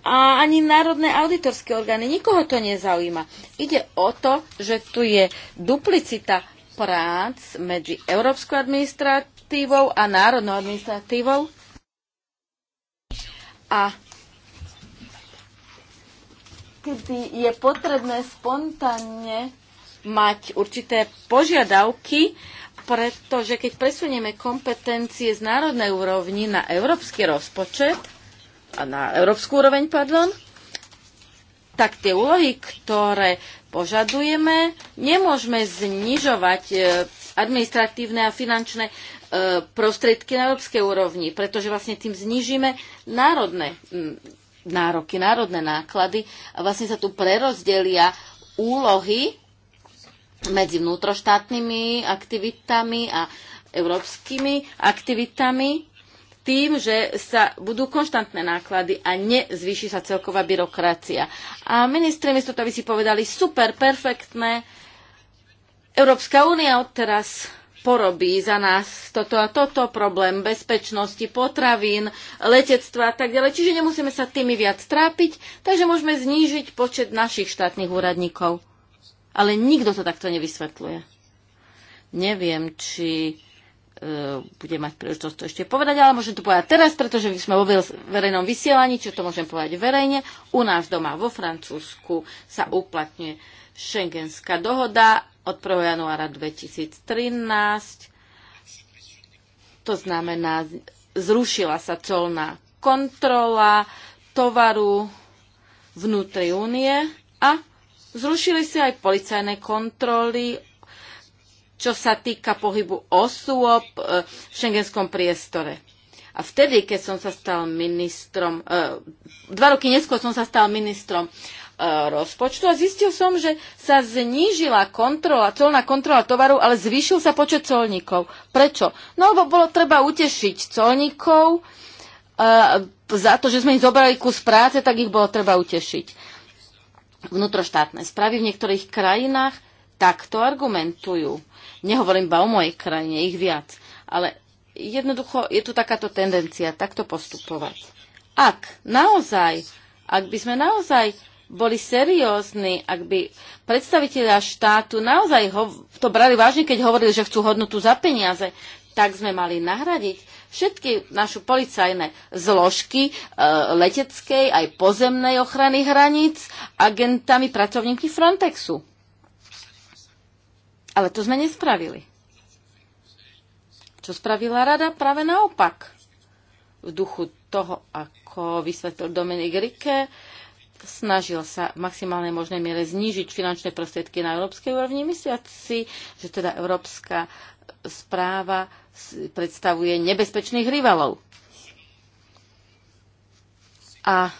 A ani národné auditorské orgány, nikoho to nezaujíma. Ide o to, že tu je duplicita prác medzi európskou administratívou a národnou administratívou. A niekedy je potrebné spontánne mať určité požiadavky, pretože keď presunieme kompetencie z národnej úrovni na európsky rozpočet, a na európsku úroveň, pardon, tak tie úlohy, ktoré požadujeme, nemôžeme znižovať e, administratívne a finančné e, prostriedky na európskej úrovni, pretože vlastne tým znižíme národné nároky, národné náklady a vlastne sa tu prerozdelia úlohy medzi vnútroštátnymi aktivitami a európskymi aktivitami tým, že sa budú konštantné náklady a nezvýši sa celková byrokracia. A ministri, miesto to, aby si povedali, super, perfektné, Európska únia odteraz porobí za nás toto a toto, problém bezpečnosti potravín, letectva a tak ďalej. Čiže nemusíme sa tými viac trápiť, takže môžeme znížiť počet našich štátnych úradníkov. Ale nikto to takto nevysvetľuje. Neviem, či e, bude mať príležitosť to ešte povedať, ale môžem to povedať teraz, pretože sme vo verejnom vysielaní, čo to môžem povedať verejne. U nás doma vo Francúzsku sa uplatňuje Schengenská dohoda od 1. januára 2013. To znamená, zrušila sa colná kontrola tovaru vnútri únie a zrušili si aj policajné kontroly, čo sa týka pohybu osôb e, v šengenskom priestore. A vtedy, keď som sa stal ministrom, e, dva roky neskôr som sa stal ministrom E, rozpočtu a zistil som, že sa znížila kontrola, colná kontrola tovaru, ale zvýšil sa počet colníkov. Prečo? No, lebo bolo treba utešiť colníkov, e, za to, že sme ich zobrali kus práce, tak ich bolo treba utešiť. Vnútroštátne správy v niektorých krajinách takto argumentujú. Nehovorím iba o mojej krajine, ich viac. Ale jednoducho je tu takáto tendencia takto postupovať. Ak naozaj, ak by sme naozaj boli seriózni, ak by predstaviteľa štátu naozaj ho, to brali vážne, keď hovorili, že chcú hodnotu za peniaze, tak sme mali nahradiť všetky našu policajné zložky e, leteckej aj pozemnej ochrany hraníc agentami pracovníky Frontexu. Ale to sme nespravili. Čo spravila rada? Práve naopak. V duchu toho, ako vysvetlil Dominik Rike, snažil sa v maximálnej možnej miere znížiť finančné prostriedky na európskej úrovni, mysliať si, že teda európska správa predstavuje nebezpečných rivalov. A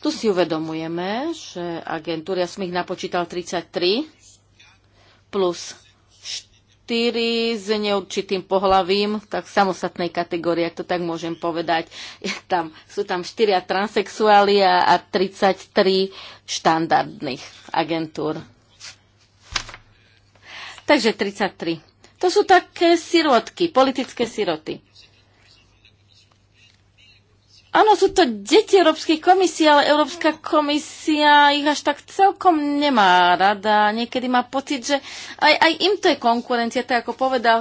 tu si uvedomujeme, že agentúry, ja som ich napočítal 33, plus s neurčitým pohlavím, tak samostatnej kategórie, ak to tak môžem povedať. Je tam, sú tam 4 transexuáli a 33 štandardných agentúr. Takže 33. To sú také sirotky, politické siroty. Áno, sú to deti Európskej komisie, ale Európska komisia ich až tak celkom nemá rada. Niekedy má pocit, že aj, aj im to je konkurencia, tak ako povedal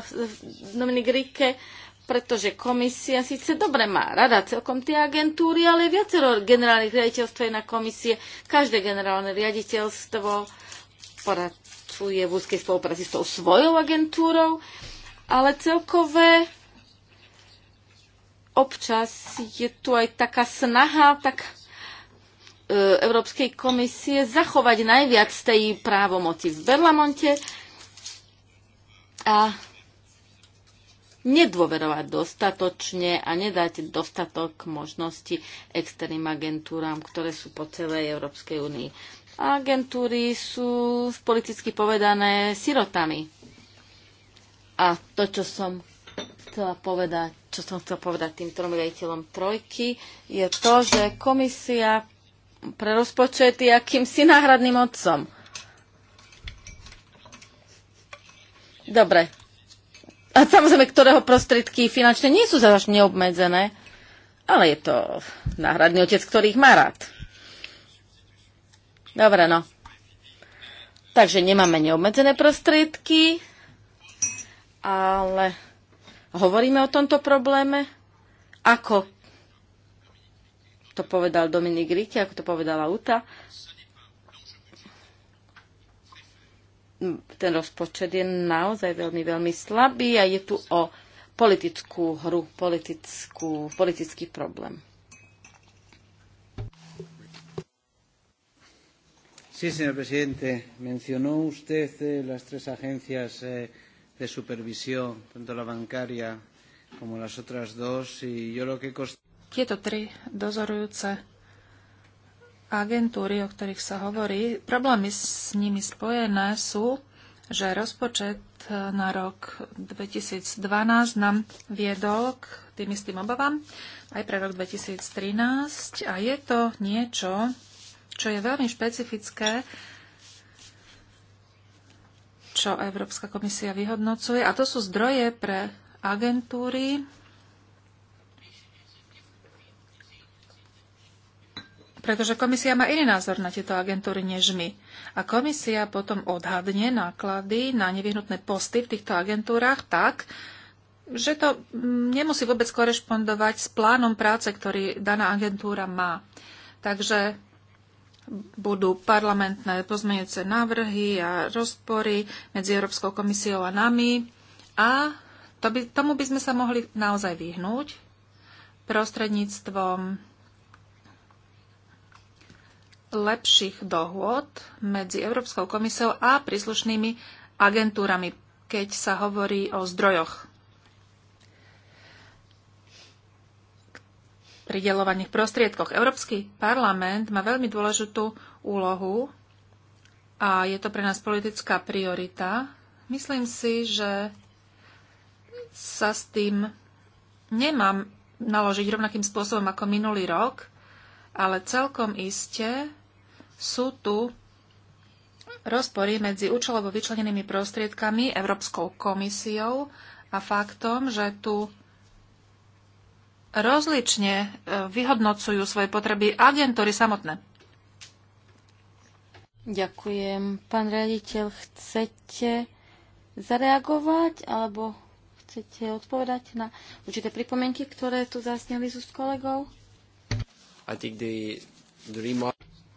Dominik Ríke, pretože komisia síce dobre má rada celkom tie agentúry, ale viacero generálnych riaditeľstv je na komisie. Každé generálne riaditeľstvo pracuje v úzkej spolupráci s tou svojou agentúrou, ale celkové občas je tu aj taká snaha tak e, Európskej komisie zachovať najviac tej právomoci v Berlamonte a nedôverovať dostatočne a nedať dostatok možnosti externým agentúram, ktoré sú po celej Európskej únii. Agentúry sú politicky povedané sirotami. A to, čo som chcela povedať, čo som chcela povedať tým trom riaditeľom trojky, je to, že komisia pre rozpočet je akýmsi náhradným otcom. Dobre. A samozrejme, ktorého prostriedky finančne nie sú až neobmedzené, ale je to náhradný otec, ktorý ich má rád. Dobre, no. Takže nemáme neobmedzené prostriedky, ale Hovoríme o tomto probléme? Ako to povedal Dominik Rite, ako to povedala Uta? Ten rozpočet je naozaj veľmi, veľmi slabý a je tu o politickú hru, politickú, politický problém. Sí, señor presidente. Mencionó usted eh, las tres agencias eh, de supervisión, tanto la bancaria como las otras dos. Y yo lo que Tieto tri dozorujúce agentúry, o ktorých sa hovorí, problémy s nimi spojené sú, že rozpočet na rok 2012 nám viedol k tým istým obavám aj pre rok 2013 a je to niečo, čo je veľmi špecifické čo Európska komisia vyhodnocuje. A to sú zdroje pre agentúry, pretože komisia má iný názor na tieto agentúry než my. A komisia potom odhadne náklady na nevyhnutné posty v týchto agentúrach tak, že to mm, nemusí vôbec korešpondovať s plánom práce, ktorý daná agentúra má. Takže budú parlamentné pozmeňujúce návrhy a rozpory medzi Európskou komisiou a nami. A to by, tomu by sme sa mohli naozaj vyhnúť prostredníctvom lepších dohôd medzi Európskou komisiou a príslušnými agentúrami, keď sa hovorí o zdrojoch pridelovaných prostriedkoch. Európsky parlament má veľmi dôležitú úlohu a je to pre nás politická priorita. Myslím si, že sa s tým nemám naložiť rovnakým spôsobom ako minulý rok, ale celkom iste sú tu rozpory medzi účelovo vyčlenenými prostriedkami Európskou komisiou a faktom, že tu rozlične e, vyhodnocujú svoje potreby agentúry samotné. Ďakujem. Pán riaditeľ, chcete zareagovať alebo chcete odpovedať na určité pripomienky, ktoré tu zasneli sú s kolegov?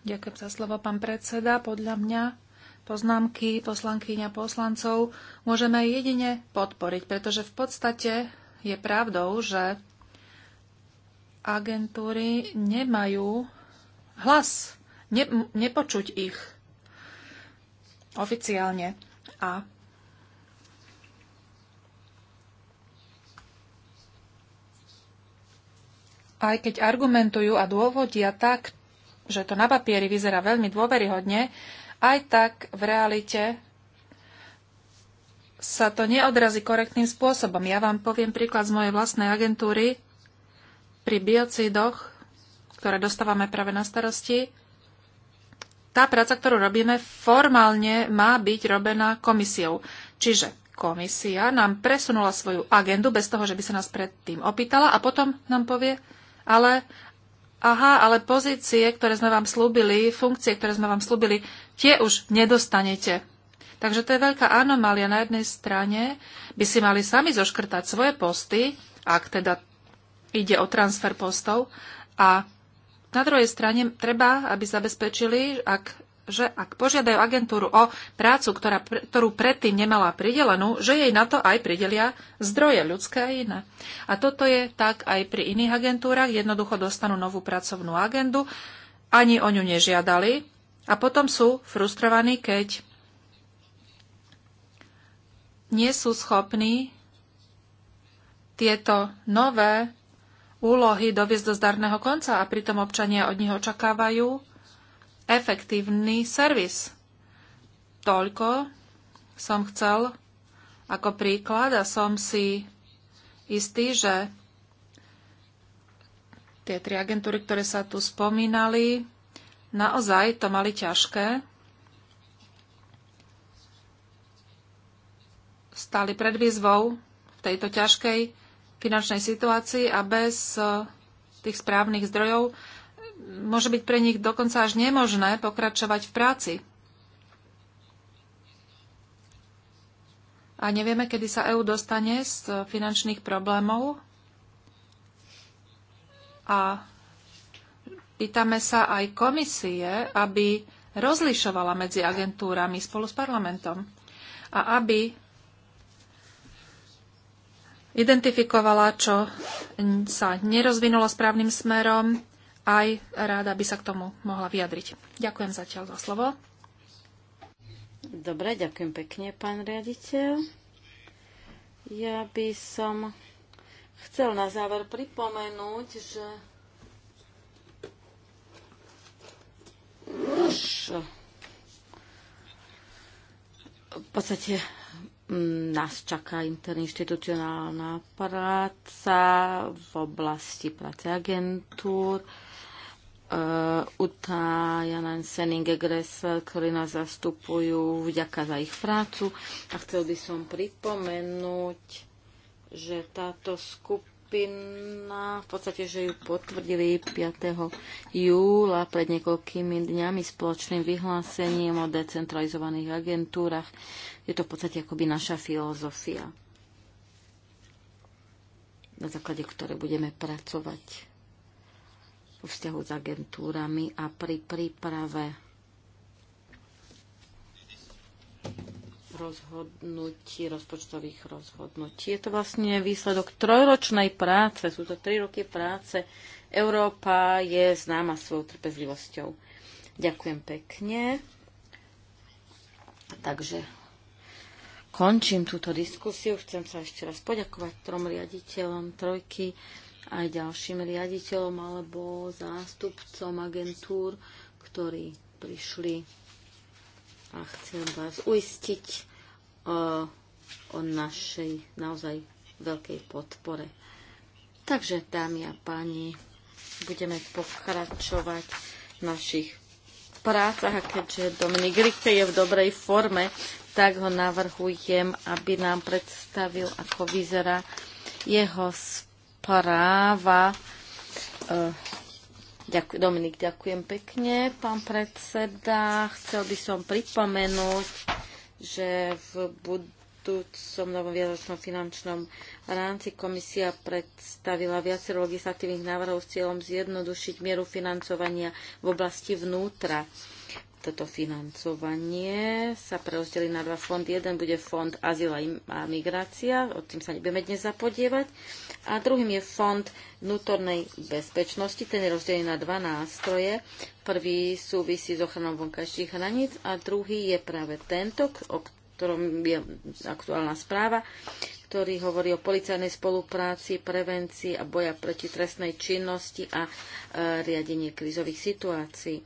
Ďakujem za slovo, pán predseda. Podľa mňa poznámky poslankyň a poslancov môžeme jedine podporiť, pretože v podstate je pravdou, že agentúry nemajú hlas. Ne, nepočuť ich oficiálne. A aj keď argumentujú a dôvodia tak, že to na papieri vyzerá veľmi dôveryhodne, aj tak v realite sa to neodrazí korektným spôsobom. Ja vám poviem príklad z mojej vlastnej agentúry, pri biocidoch, ktoré dostávame práve na starosti, tá práca, ktorú robíme, formálne má byť robená komisiou. Čiže komisia nám presunula svoju agendu bez toho, že by sa nás predtým opýtala a potom nám povie, ale aha, ale pozície, ktoré sme vám slúbili, funkcie, ktoré sme vám slúbili, tie už nedostanete. Takže to je veľká anomália. Na jednej strane by si mali sami zoškrtať svoje posty, ak teda ide o transfer postov a na druhej strane treba, aby zabezpečili, ak, že ak požiadajú agentúru o prácu, ktorá, ktorú predtým nemala pridelenú, že jej na to aj pridelia zdroje ľudské a iné. A toto je tak aj pri iných agentúrach. Jednoducho dostanú novú pracovnú agendu, ani o ňu nežiadali a potom sú frustrovaní, keď nie sú schopní tieto nové úlohy doviesť do zdarného konca a pritom občania od nich očakávajú efektívny servis. Toľko som chcel ako príklad a som si istý, že tie tri agentúry, ktoré sa tu spomínali, naozaj to mali ťažké. Stali pred výzvou v tejto ťažkej finančnej situácii a bez eh, tých správnych zdrojov môže byť pre nich dokonca až nemožné pokračovať v práci. A nevieme, kedy sa EÚ dostane z eh, finančných problémov. A pýtame sa aj komisie, aby rozlišovala medzi agentúrami spolu s parlamentom a aby identifikovala, čo sa nerozvinulo správnym smerom. Aj ráda by sa k tomu mohla vyjadriť. Ďakujem zatiaľ za slovo. Dobre, ďakujem pekne, pán riaditeľ. Ja by som chcel na záver pripomenúť, že už v podstate Mm, nás čaká interinstitucionálna práca v oblasti práce agentúr. Uh, Uta, Janan Sening Gressel, ktorí nás zastupujú, vďaka za ich prácu. A chcel by som pripomenúť, že táto skupina, v podstate, že ju potvrdili 5. júla pred niekoľkými dňami spoločným vyhlásením o decentralizovaných agentúrach, je to v podstate akoby naša filozofia, na základe ktoré budeme pracovať vo vzťahu s agentúrami a pri príprave rozhodnutí, rozpočtových rozhodnutí. Je to vlastne výsledok trojročnej práce, sú to tri roky práce. Európa je známa svojou trpezlivosťou. Ďakujem pekne. Takže končím túto diskusiu. Chcem sa ešte raz poďakovať trom riaditeľom trojky aj ďalším riaditeľom alebo zástupcom agentúr, ktorí prišli a chcem vás uistiť o, eh, o našej naozaj veľkej podpore. Takže, dámy a páni, budeme pokračovať v našich prácach a keďže Dominik Rikte je v dobrej forme, tak ho navrhujem, aby nám predstavil, ako vyzerá jeho správa. E, ďakujem, Dominik, ďakujem pekne, pán predseda. Chcel by som pripomenúť, že v budúcom novom viacročnom finančnom rámci komisia predstavila viacero legislatívnych návrhov s cieľom zjednodušiť mieru financovania v oblasti vnútra toto financovanie sa prerozdeli na dva fondy. Jeden bude fond azyl a migrácia, o tým sa nebudeme dnes zapodievať. A druhým je fond vnútornej bezpečnosti, ten je rozdelený na dva nástroje. Prvý súvisí s ochranou vonkajších hraníc a druhý je práve tento, o ktorom je aktuálna správa, ktorý hovorí o policajnej spolupráci, prevencii a boja proti trestnej činnosti a e, riadenie krizových situácií. E,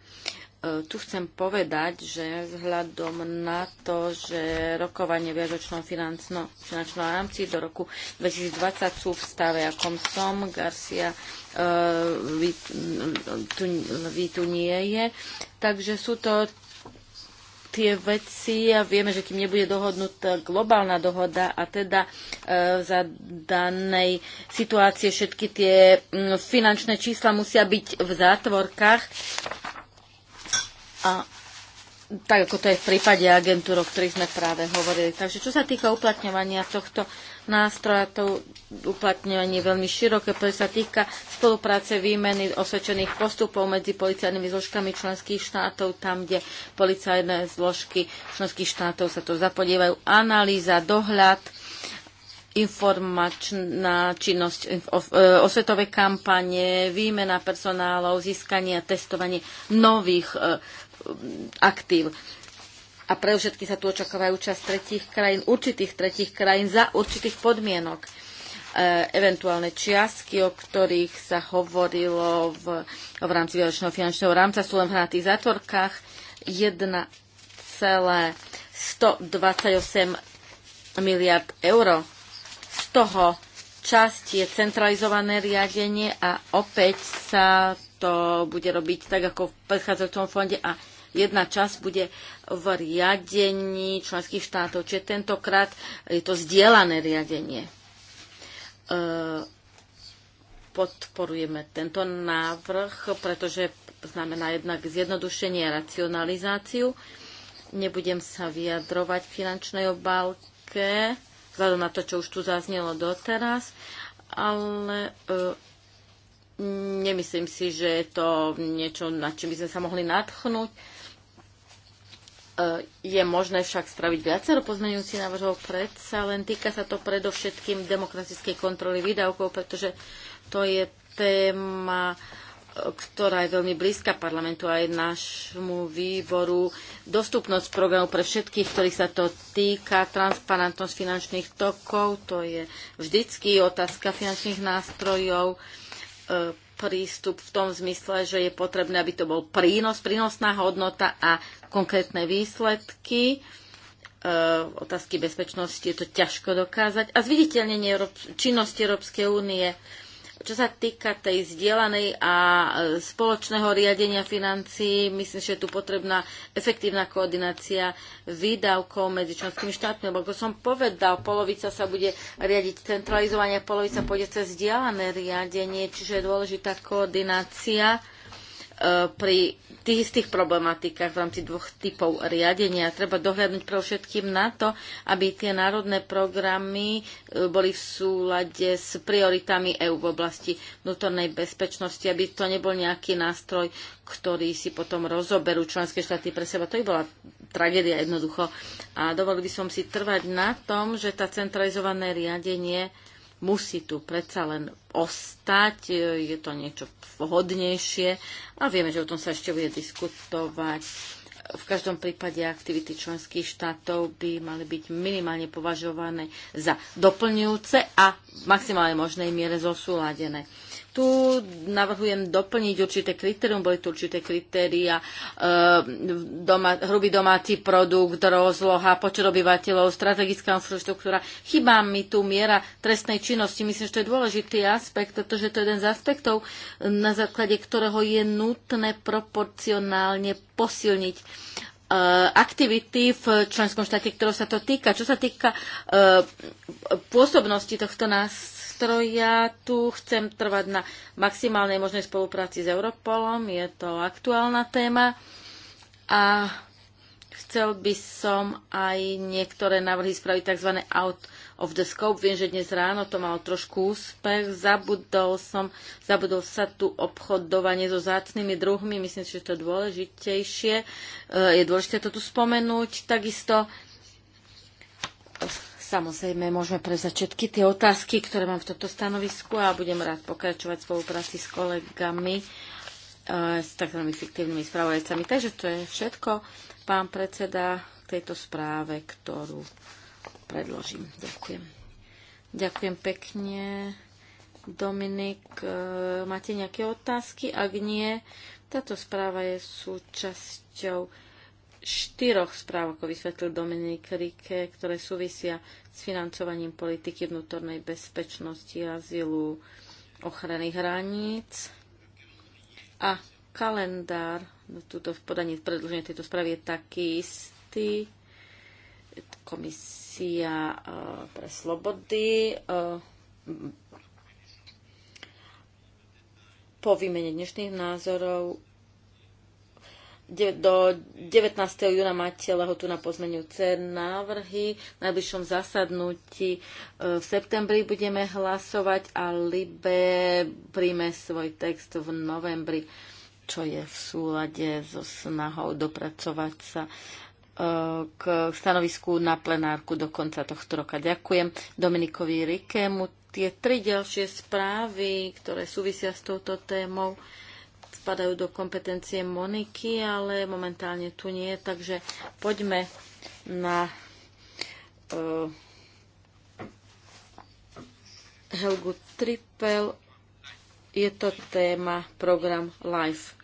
tu chcem povedať, že vzhľadom na to, že rokovanie v finančnou finančnom rámci do roku 2020 sú v stave, akom som, Garcia eh, vy, tu, vy tu nie je, takže sú to tie veci a vieme, že kým nebude dohodnutá globálna dohoda a teda e, za danej situácie všetky tie m, mm, finančné čísla musia byť v zátvorkách, a tak ako to je v prípade agentúr, o ktorých sme práve hovorili. Takže čo sa týka uplatňovania tohto nástroja, to uplatňovanie je veľmi široké, pretože sa týka spolupráce výmeny osvedčených postupov medzi policajnými zložkami členských štátov, tam, kde policajné zložky členských štátov sa to zapodievajú. Analýza, dohľad, informačná činnosť, e, osvetové kampane, výmena personálov, získanie a testovanie nových e, aktív. A pre všetky sa tu očakávajú časť tretich krajín, určitých tretich krajín za určitých podmienok. E, eventuálne čiastky, o ktorých sa hovorilo v, v rámci výročného finančného rámca, sú len v hranatých zátvorkách 1,128 miliard eur. Z toho časť je centralizované riadenie a opäť sa to bude robiť tak, ako v predchádzajúcom fonde a jedna časť bude v riadení členských štátov, čiže tentokrát je to zdielané riadenie. E, podporujeme tento návrh, pretože znamená jednak zjednodušenie a racionalizáciu. Nebudem sa vyjadrovať finančnej obálke, vzhľadom na to, čo už tu zaznelo doteraz, ale e, Nemyslím si, že je to niečo, nad čím by sme sa mohli nadchnúť. E, je možné však spraviť viacero pozmeňujúci návrhov predsa, len týka sa to predovšetkým demokratickej kontroly výdavkov, pretože to je téma, e, ktorá je veľmi blízka parlamentu aj nášmu výboru. Dostupnosť programu pre všetkých, ktorých sa to týka, transparentnosť finančných tokov, to je vždycky otázka finančných nástrojov, e, prístup v tom zmysle, že je potrebné, aby to bol prínos, prínosná hodnota a konkrétne výsledky. E, otázky bezpečnosti je to ťažko dokázať. A zviditeľnenie činnosti Európskej únie čo sa týka tej zdieľanej a e, spoločného riadenia financií, myslím, že je tu potrebná efektívna koordinácia výdavkov medzi členskými štátmi, lebo ako som povedal, polovica sa bude riadiť centralizovanie, polovica pôjde cez zdieľané riadenie, čiže je dôležitá koordinácia Eh, pri tých istých problematikách v rámci dvoch typov riadenia. Treba dohľadnúť pre všetkým na to, aby tie národné programy eh, boli v súlade s prioritami EÚ v oblasti vnútornej bezpečnosti, aby to nebol nejaký nástroj, ktorý si potom rozoberú členské štáty pre seba. To by bola tragédia jednoducho. A dovolil by som si trvať na tom, že tá centralizované riadenie musí tu predsa len ostať, e, je to niečo vhodnejšie a vieme, že o tom sa ešte bude diskutovať. V každom prípade aktivity členských štátov by mali byť minimálne považované za doplňujúce a v maximálnej možnej miere zosúladené. Tu navrhujem doplniť určité kritérium, boli tu určité kritéria, e, doma, hrubý domáci produkt, rozloha, počet obyvateľov, strategická infraštruktúra. Chybá mi tu miera trestnej činnosti. Myslím, že to je dôležitý aspekt, pretože to je jeden z aspektov, na základe ktorého je nutné proporcionálne posilniť e, aktivity v členskom štáte, ktorého sa to týka. Čo sa týka e, pôsobnosti tohto nás nástroja. Tu chcem trvať na maximálnej možnej spolupráci s Europolom. Je to aktuálna téma. A chcel by som aj niektoré návrhy spraviť tzv. out of the scope. Viem, že dnes ráno to malo trošku úspech. Zabudol som, zabudol sa tu obchodovanie so zácnými druhmi. Myslím si, že to je dôležitejšie. E, je dôležité to tu spomenúť. Takisto Samozrejme, môžeme prezať všetky tie otázky, ktoré mám v tomto stanovisku a budem rád pokračovať v spolupráci s kolegami, e, s takzvanými fiktívnymi spravodajcami. Takže to je všetko, pán predseda, k tejto správe, ktorú predložím. Ďakujem. Ďakujem pekne. Dominik, e, máte nejaké otázky? Ak nie, táto správa je súčasťou štyroch správ, ako vysvetlil Dominik Rike, ktoré súvisia s financovaním politiky vnútornej bezpečnosti, azylu, ochrany hraníc a kalendár, no tuto v podaní predlženia tejto správy je taký istý, komisia uh, pre slobody uh, po výmene dnešných názorov do 19. júna máte lehotu na pozmenujúce návrhy. V najbližšom zasadnutí e, v septembri budeme hlasovať a Libe príjme svoj text v novembri, čo je v súlade so snahou dopracovať sa e, k stanovisku na plenárku do konca tohto roka. Ďakujem Dominikovi Rikému. Tie tri ďalšie správy, ktoré súvisia s touto témou, spadajú do kompetencie Moniky, ale momentálne tu nie, takže poďme na uh, Helgu Trippel. Je to téma program Life.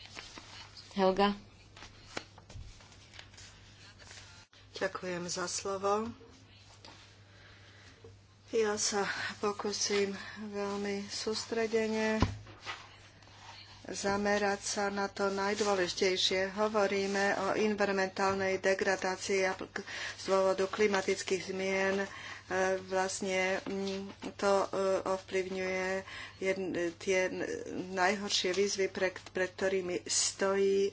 Helga. Ďakujem za slovo. Ja sa pokúsim veľmi sústredene zamerať sa na to najdôležitejšie. Hovoríme o environmentálnej degradácii z dôvodu klimatických zmien. E, vlastne mm, to e, ovplyvňuje tie najhoršie výzvy, pred ktorými stojí e,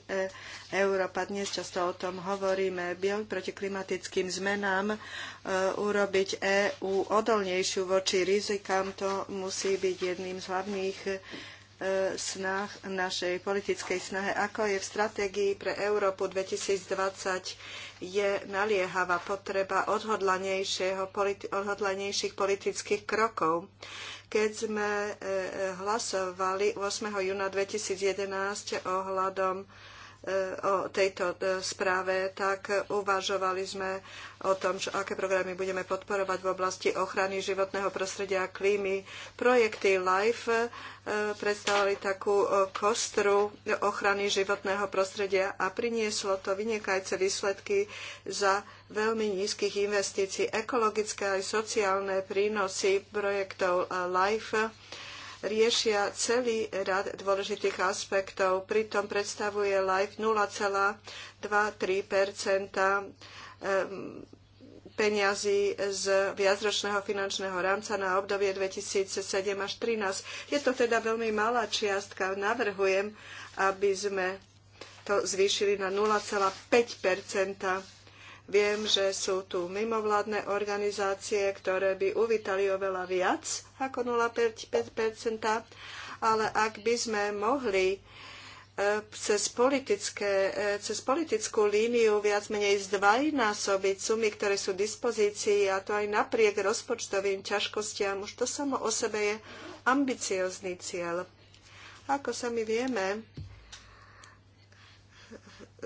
Európa. Dnes často o tom hovoríme. Boj proti klimatickým zmenám urobiť EÚ odolnejšiu voči rizikám, to musí byť jedným z hlavných E, snah, našej politickej snahe, ako je v stratégii pre Európu 2020, je naliehavá potreba politi odhodlanejších politických krokov. Keď sme e, e, hlasovali 8. júna 2011 ohľadom o tejto e, správe, tak uvažovali sme o tom, čo, aké programy budeme podporovať v oblasti ochrany životného prostredia a klímy. Projekty LIFE e, predstavovali takú e, kostru ochrany životného prostredia a prinieslo to vynikajúce výsledky za veľmi nízkych investícií. Ekologické aj sociálne prínosy projektov LIFE riešia celý rad dôležitých aspektov. Pritom predstavuje LIFE 0,23 ehm, peňazí z viacročného finančného rámca na obdobie 2007 až 2013. Je to teda veľmi malá čiastka. Navrhujem, aby sme to zvýšili na 0,5 Viem, že sú tu mimovládne organizácie, ktoré by uvítali oveľa viac ako 0,5 ale ak by sme mohli e, cez, politické, e, cez politickú líniu viac menej zdvajnásobiť sumy, ktoré sú v dispozícii a to aj napriek rozpočtovým ťažkostiam. Už to samo o sebe je ambiciózny cieľ. Ako sa my vieme,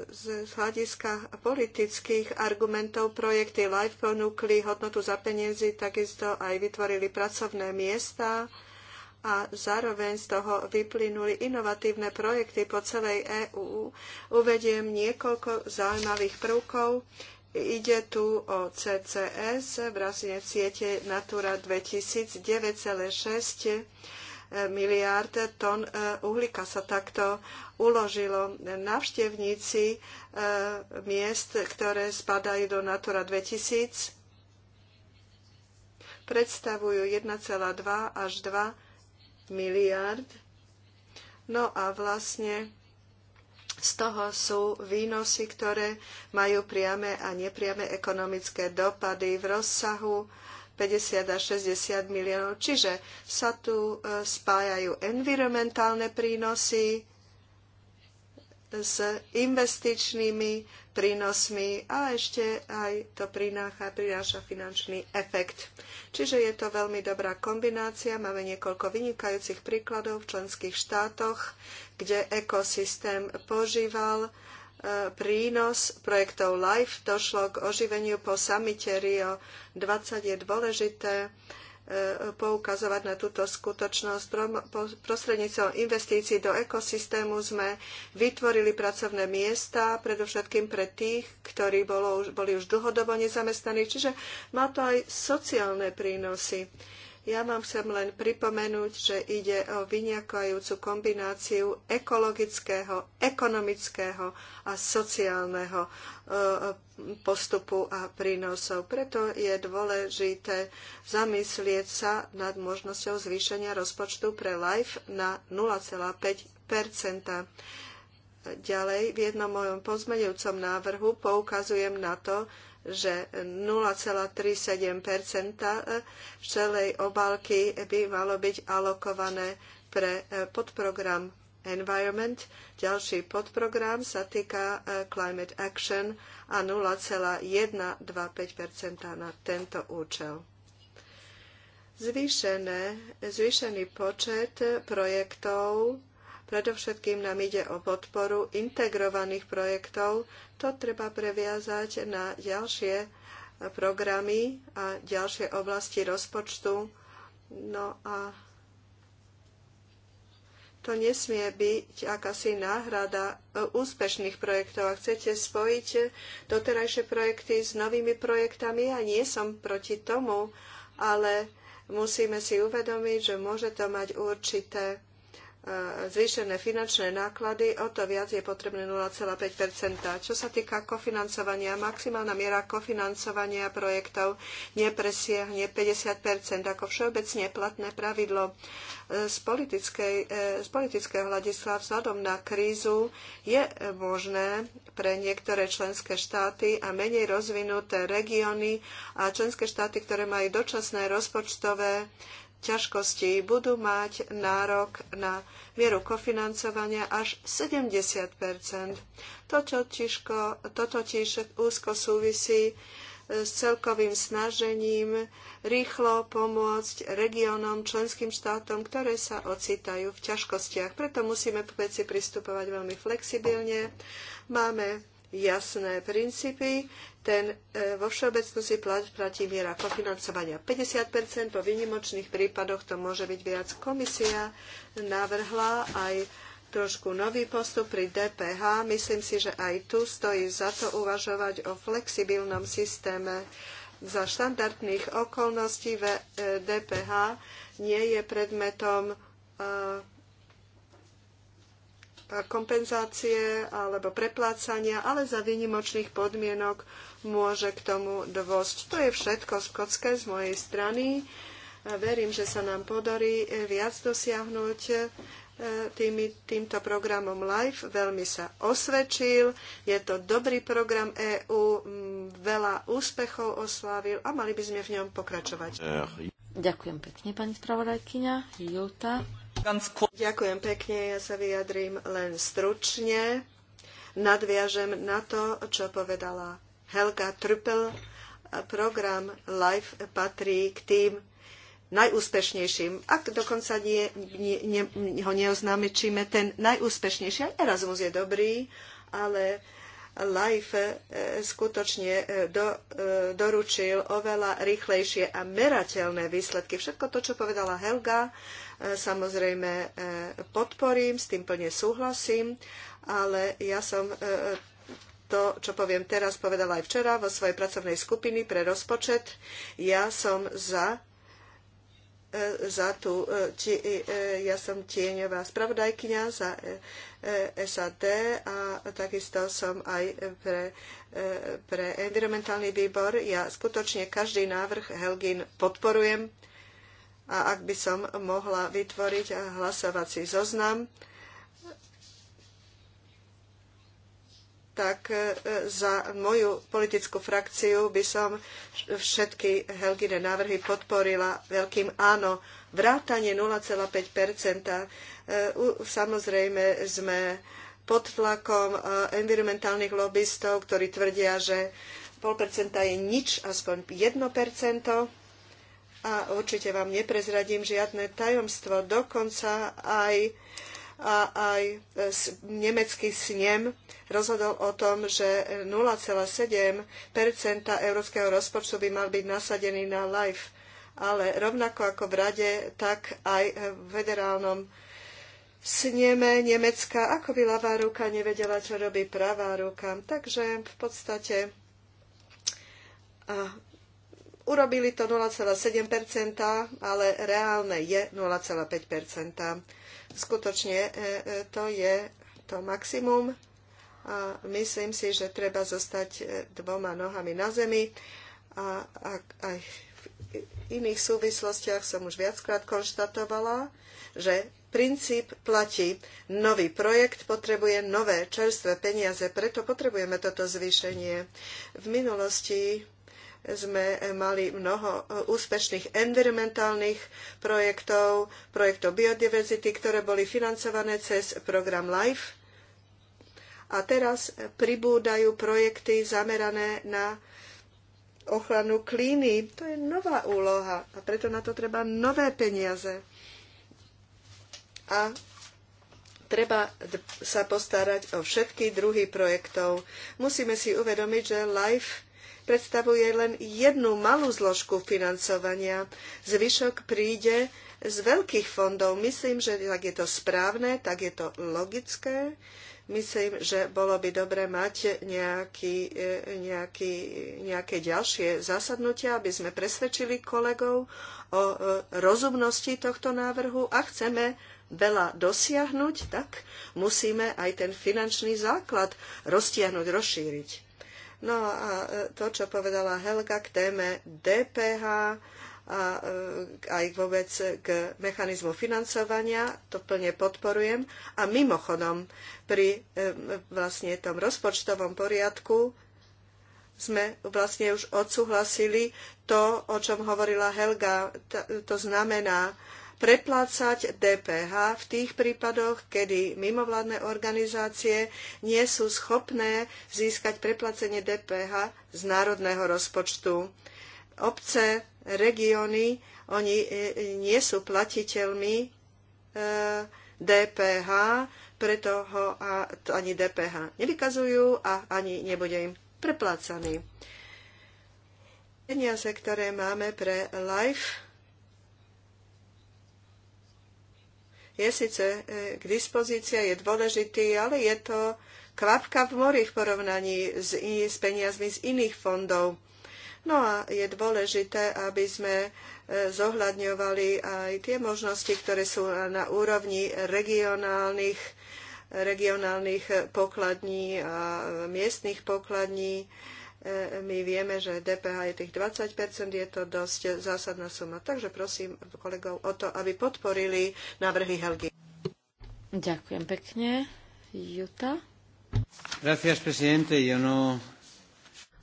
z hľadiska politických argumentov projekty LIFE ponúkli hodnotu za peniazy, takisto aj vytvorili pracovné miesta a zároveň z toho vyplynuli inovatívne projekty po celej EÚ. Uvediem niekoľko zaujímavých prvkov. Ide tu o CCS, vlastne siete Natura 2009,6 miliárd tón e, uhlíka sa takto uložilo. Navštevníci e, miest, ktoré spadajú do Natura 2000, predstavujú 1,2 až 2 miliárd. No a vlastne z toho sú výnosy, ktoré majú priame a nepriame ekonomické dopady v rozsahu 50 až 60 miliónov. Čiže sa tu e, spájajú environmentálne prínosy s investičnými prínosmi a ešte aj to prináša, prináša finančný efekt. Čiže je to veľmi dobrá kombinácia. Máme niekoľko vynikajúcich príkladov v členských štátoch, kde ekosystém požíval prínos projektov LIFE došlo k oživeniu po samite Rio 20 je dôležité e, poukazovať na túto skutočnosť. Prostredníctvom investícií do ekosystému sme vytvorili pracovné miesta, predovšetkým pre tých, ktorí boli už dlhodobo nezamestnaní, čiže má to aj sociálne prínosy. Ja vám chcem len pripomenúť, že ide o vyniakajúcu kombináciu ekologického, ekonomického a sociálneho e, postupu a prínosov. Preto je dôležité zamyslieť sa nad možnosťou zvýšenia rozpočtu pre LIFE na 0,5 Ďalej v jednom mojom pozmeňujúcom návrhu poukazujem na to, že 0,37 e, z celej obálky by malo byť alokované pre e, podprogram Environment. Ďalší podprogram sa týka e, Climate Action a 0,125 na tento účel. Zvýšené, zvýšený počet projektov Predovšetkým nám ide o podporu integrovaných projektov to treba previazať na ďalšie programy a ďalšie oblasti rozpočtu. No a to nesmie byť akási náhrada e, úspešných projektov. Ak chcete spojiť doterajšie projekty s novými projektami, ja nie som proti tomu, ale musíme si uvedomiť, že môže to mať určité zvýšené finančné náklady, o to viac je potrebné 0,5 Čo sa týka kofinancovania, maximálna miera kofinancovania projektov nepresiahne 50 ako všeobecne platné pravidlo. Z, z politického hľadiska vzhľadom na krízu je možné pre niektoré členské štáty a menej rozvinuté regióny a členské štáty, ktoré majú dočasné rozpočtové ťažkostí budú mať nárok na mieru kofinancovania až 70 To totiž úzko súvisí s celkovým snažením rýchlo pomôcť regiónom, členským štátom, ktoré sa ocitajú v ťažkostiach. Preto musíme k veci pristupovať veľmi flexibilne. Máme jasné princípy. Ten e, vo všeobecnosti platí miera kofinancovania 50 vo výnimočných prípadoch to môže byť viac. Komisia navrhla aj trošku nový postup pri DPH. Myslím si, že aj tu stojí za to uvažovať o flexibilnom systéme. Za štandardných okolností e, DPH nie je predmetom e, kompenzácie alebo preplácania, ale za výnimočných podmienok môže k tomu dovozť. To je všetko z kocke z mojej strany. Verím, že sa nám podarí viac dosiahnuť e, tými, týmto programom LIFE. Veľmi sa osvedčil. Je to dobrý program EÚ, veľa úspechov oslávil a mali by sme v ňom pokračovať. Ďakujem pekne, pani spravodajkyňa. Juta. Ďakujem pekne, ja sa vyjadrím len stručne. Nadviažem na to, čo povedala Helga Trpel. Program LIFE patrí k tým najúspešnejším, ak dokonca nie, nie, nie, ho neoznámečíme, ten najúspešnejší. Erasmus je dobrý, ale Life e, skutočne e, do, e, doručil oveľa rýchlejšie a merateľné výsledky. Všetko to, čo povedala Helga, samozrejme e, podporím, s tým plne súhlasím, ale ja som e, to, čo poviem teraz, povedala aj včera vo svojej pracovnej skupiny pre rozpočet. Ja som za e, za tú, ja som tieňová spravodajkyňa za SAD a takisto som aj pre, pre environmentálny výbor. Ja skutočne každý návrh Helgin podporujem a ak by som mohla vytvoriť hlasovací zoznam, tak e, za moju politickú frakciu by som všetky Helgine návrhy podporila veľkým áno. Vrátanie 0,5 e, Samozrejme sme pod tlakom e, environmentálnych lobbystov, ktorí tvrdia, že 0,5 je nič, aspoň 1 a určite vám neprezradím žiadne tajomstvo. Dokonca aj, a, aj e, nemecký snem rozhodol o tom, že 0,7 európskeho rozpočtu by mal byť nasadený na LIFE. Ale rovnako ako v Rade, tak aj v federálnom sneme Nemecka, ako by ľavá ruka nevedela, čo robí pravá ruka. Takže v podstate a Urobili to 0,7%, ale reálne je 0,5%. Skutočne e, e, to je to maximum a myslím si, že treba zostať e, dvoma nohami na zemi a, aj v iných súvislostiach som už viackrát konštatovala, že princíp platí. Nový projekt potrebuje nové čerstvé peniaze, preto potrebujeme toto zvýšenie. V minulosti sme mali mnoho e, úspešných environmentálnych projektov, projektov biodiverzity, ktoré boli financované cez program LIFE. A teraz pribúdajú projekty zamerané na ochranu klímy. To je nová úloha a preto na to treba nové peniaze. A treba sa postarať o všetky druhy projektov. Musíme si uvedomiť, že LIFE predstavuje len jednu malú zložku financovania. Zvyšok príde z veľkých fondov. Myslím, že tak je to správne, tak je to logické. Myslím, že bolo by dobre mať nejaký, e, nejaký, nejaké ďalšie zasadnutia, aby sme presvedčili kolegov o e, rozumnosti tohto návrhu a chceme veľa dosiahnuť, tak musíme aj ten finančný základ roztiahnuť, rozšíriť. No a e, to, čo povedala Helga k téme DPH a e, aj vôbec k mechanizmu financovania, to plne podporujem. A mimochodom, pri e, vlastne tom rozpočtovom poriadku sme vlastne už odsúhlasili to, o čom hovorila Helga. To znamená, preplácať DPH v tých prípadoch, kedy mimovládne organizácie nie sú schopné získať preplacenie DPH z národného rozpočtu. Obce, regióny, oni e, e, nie sú platiteľmi e, DPH, preto ho ani DPH nevykazujú a ani nebude im preplácaný. Peniaze, ktoré máme pre LIFE, je síce e, k dispozícii, je dôležitý, ale je to kvapka v mori v porovnaní s, s peniazmi z iných fondov. No a je dôležité, aby sme e, zohľadňovali aj tie možnosti, ktoré sú na úrovni regionálnych, regionálnych pokladní a miestnych pokladní my vieme, že DPH je tých 20 je to dosť zásadná suma. Takže prosím kolegov o to, aby podporili návrhy Helgy. Ďakujem pekne. Juta. Gracias, presidente. Yo no...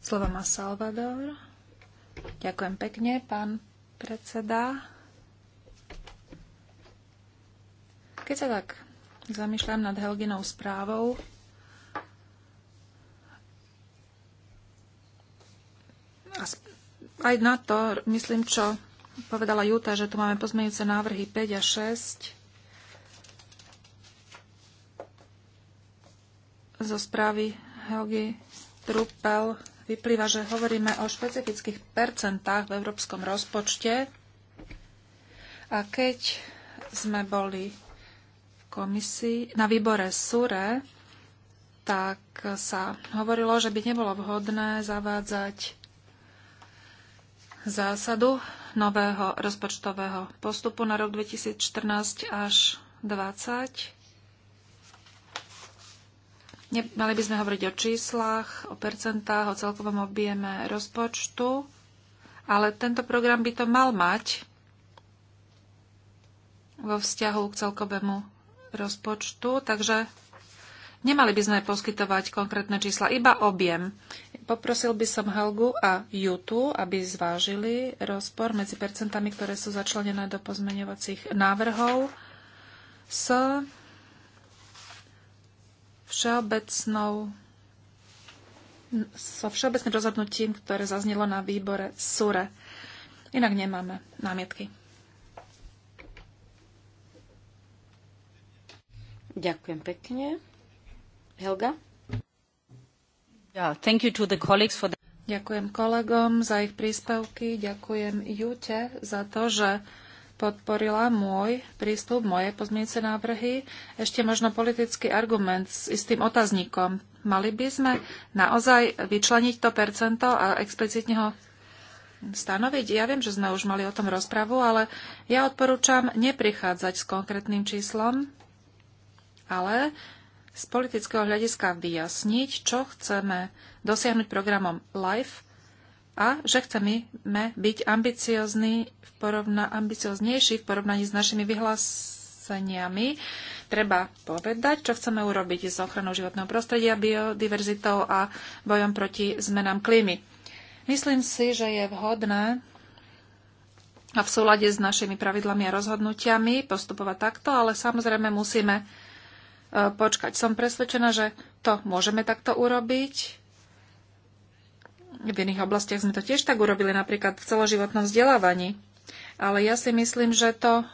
Slovo má Salvador. Ďakujem pekne, pán predseda. Keď sa tak zamýšľam nad Helginou správou, aj na to, myslím, čo povedala Júta, že tu máme pozmeňujúce návrhy 5 a 6 zo správy Helgi Trupel vyplýva, že hovoríme o špecifických percentách v európskom rozpočte. A keď sme boli v komisii, na výbore SURE, tak sa hovorilo, že by nebolo vhodné zavádzať zásadu nového rozpočtového postupu na rok 2014 až 2020. Mali by sme hovoriť o číslach, o percentách, o celkovom objeme rozpočtu, ale tento program by to mal mať vo vzťahu k celkovému rozpočtu, takže nemali by sme poskytovať konkrétne čísla, iba objem. Poprosil by som Helgu a Jutu, aby zvážili rozpor medzi percentami, ktoré sú začlenené do pozmeňovacích návrhov s všeobecnou so všeobecným rozhodnutím, ktoré zaznelo na výbore SURE. Inak nemáme námietky. Ďakujem pekne. Helga? Ďakujem kolegom za ich príspevky, ďakujem Jute za to, že podporila môj prístup, moje pozmienice návrhy. Ešte možno politický argument s istým otazníkom. Mali by sme naozaj vyčleniť to percento a explicitne ho stanoviť? Ja viem, že sme už mali o tom rozpravu, ale ja odporúčam neprichádzať s konkrétnym číslom, ale z politického hľadiska vyjasniť, čo chceme dosiahnuť programom LIFE a že chceme byť v porovna, ambicioznejší v porovnaní s našimi vyhláseniami. Treba povedať, čo chceme urobiť s ochranou životného prostredia, biodiverzitou a bojom proti zmenám klímy. Myslím si, že je vhodné a v súlade s našimi pravidlami a rozhodnutiami postupovať takto, ale samozrejme musíme počkať. Som presvedčená, že to môžeme takto urobiť. V iných oblastiach sme to tiež tak urobili, napríklad v celoživotnom vzdelávaní. Ale ja si myslím, že to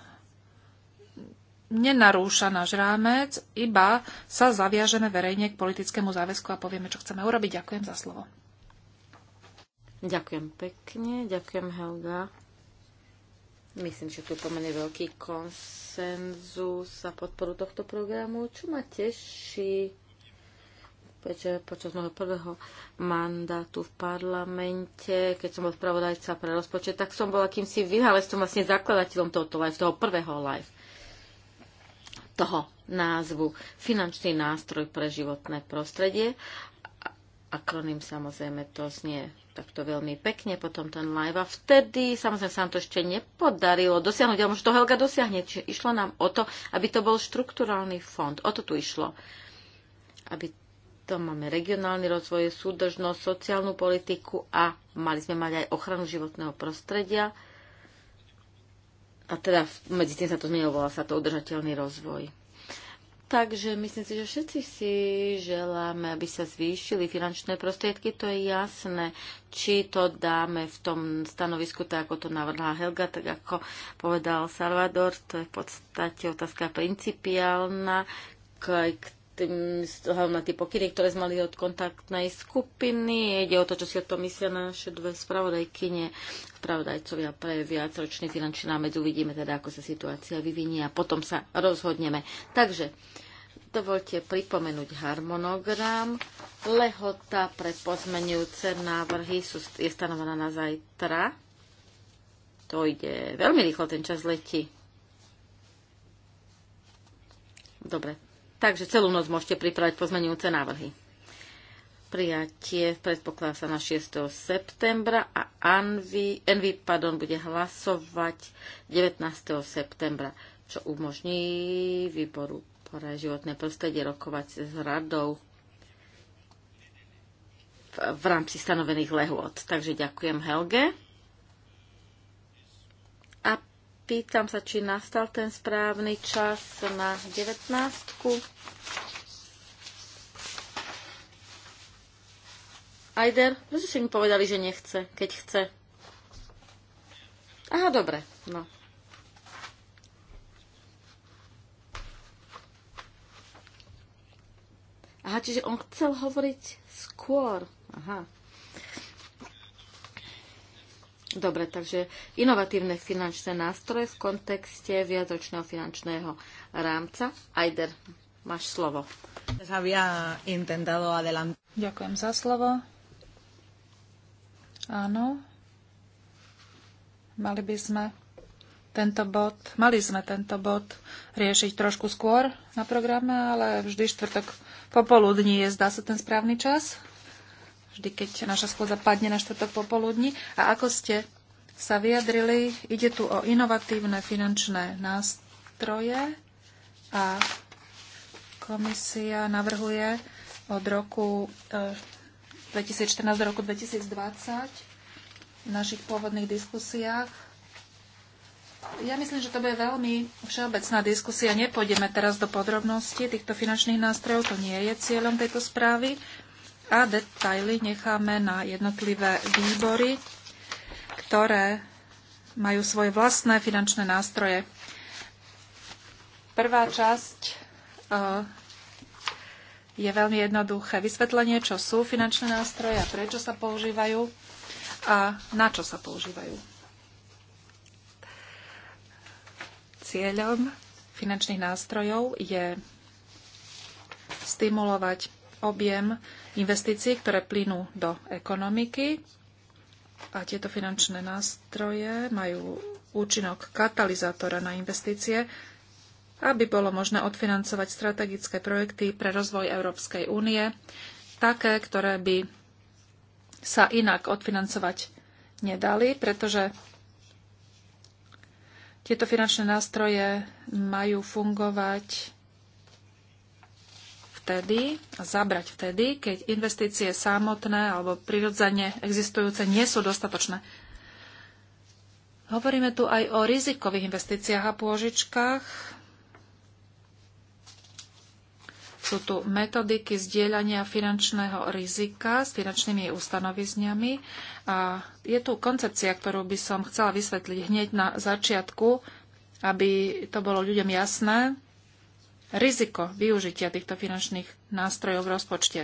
nenarúša náš rámec, iba sa zaviažeme verejne k politickému záväzku a povieme, čo chceme urobiť. Ďakujem za slovo. Ďakujem pekne, ďakujem Helga. Myslím, že tu je pomerne veľký konsenzus a podporu tohto programu, čo ma teší, prečo počas môjho prvého mandátu v parlamente, keď som bol spravodajca pre rozpočet, tak som bola kýmsi vyhalestom vlastne zakladateľom tohoto live, toho prvého live toho názvu Finančný nástroj pre životné prostredie akronym samozrejme to znie takto veľmi pekne, potom ten live. A vtedy, samozrejme, sa nám to ešte nepodarilo dosiahnuť, ale možno to Helga dosiahne. Čiže išlo nám o to, aby to bol štrukturálny fond. O to tu išlo. Aby to máme regionálny rozvoj, súdržnosť, sociálnu politiku a mali sme mať aj ochranu životného prostredia. A teda medzi tým sa to zmenilo, volá sa to udržateľný rozvoj. Takže myslím si, že všetci si želáme, aby sa zvýšili finančné prostriedky, to je jasné. Či to dáme v tom stanovisku, tak ako to navrhla Helga, tak ako povedal Salvador, to je v podstate otázka principiálna, k, tým, na tie pokyny, ktoré sme mali od kontaktnej skupiny. Ide o to, čo si o tom myslia naše dve spravodajkyne, spravodajcovia pre viacročný finančný námec. Uvidíme teda, ako sa situácia vyvinie a potom sa rozhodneme. Takže dovolte pripomenúť harmonogram. Lehota pre pozmenujúce návrhy sú, je stanovená na zajtra. To ide veľmi rýchlo, ten čas letí. Dobre, Takže celú noc môžete pripraviť pozmenujúce návrhy. Prijatie predpokladá sa na 6. septembra a Anvi, Envy pardon, bude hlasovať 19. septembra, čo umožní výboru pre životné prostredie rokovať s radou v, v rámci stanovených lehôd. Takže ďakujem Helge. Pýtam sa, či nastal ten správny čas na 19. Ajder, prečo ste mi povedali, že nechce, keď chce? Aha, dobre, no. Aha, čiže on chcel hovoriť skôr. Aha. Dobre, takže inovatívne finančné nástroje v kontexte viacročného finančného rámca. Ajder, máš slovo. Ďakujem za slovo. Áno. Mali by sme tento bod, mali sme tento bod riešiť trošku skôr na programe, ale vždy štvrtok popoludní je, zdá sa, ten správny čas vždy keď naša schôdza padne na štvrtok popoludní. A ako ste sa vyjadrili, ide tu o inovatívne finančné nástroje a komisia navrhuje od roku 2014 e, do roku 2020 v našich pôvodných diskusiách. Ja myslím, že to bude veľmi všeobecná diskusia. Nepôjdeme teraz do podrobností týchto finančných nástrojov. To nie je cieľom tejto správy a detaily necháme na jednotlivé výbory, ktoré majú svoje vlastné finančné nástroje. Prvá časť e, je veľmi jednoduché vysvetlenie, čo sú finančné nástroje a prečo sa používajú a na čo sa používajú. Cieľom finančných nástrojov je stimulovať objem investícií, ktoré plynú do ekonomiky. A tieto finančné nástroje majú účinok katalizátora na investície, aby bolo možné odfinancovať strategické projekty pre rozvoj Európskej únie, také, ktoré by sa inak odfinancovať nedali, pretože tieto finančné nástroje majú fungovať vtedy, zabrať vtedy, keď investície samotné alebo prirodzene existujúce nie sú dostatočné. Hovoríme tu aj o rizikových investíciách a pôžičkách. Sú tu metodiky zdieľania finančného rizika s finančnými ustanovizňami a je tu koncepcia, ktorú by som chcela vysvetliť hneď na začiatku, aby to bolo ľuďom jasné riziko využitia týchto finančných nástrojov v rozpočte.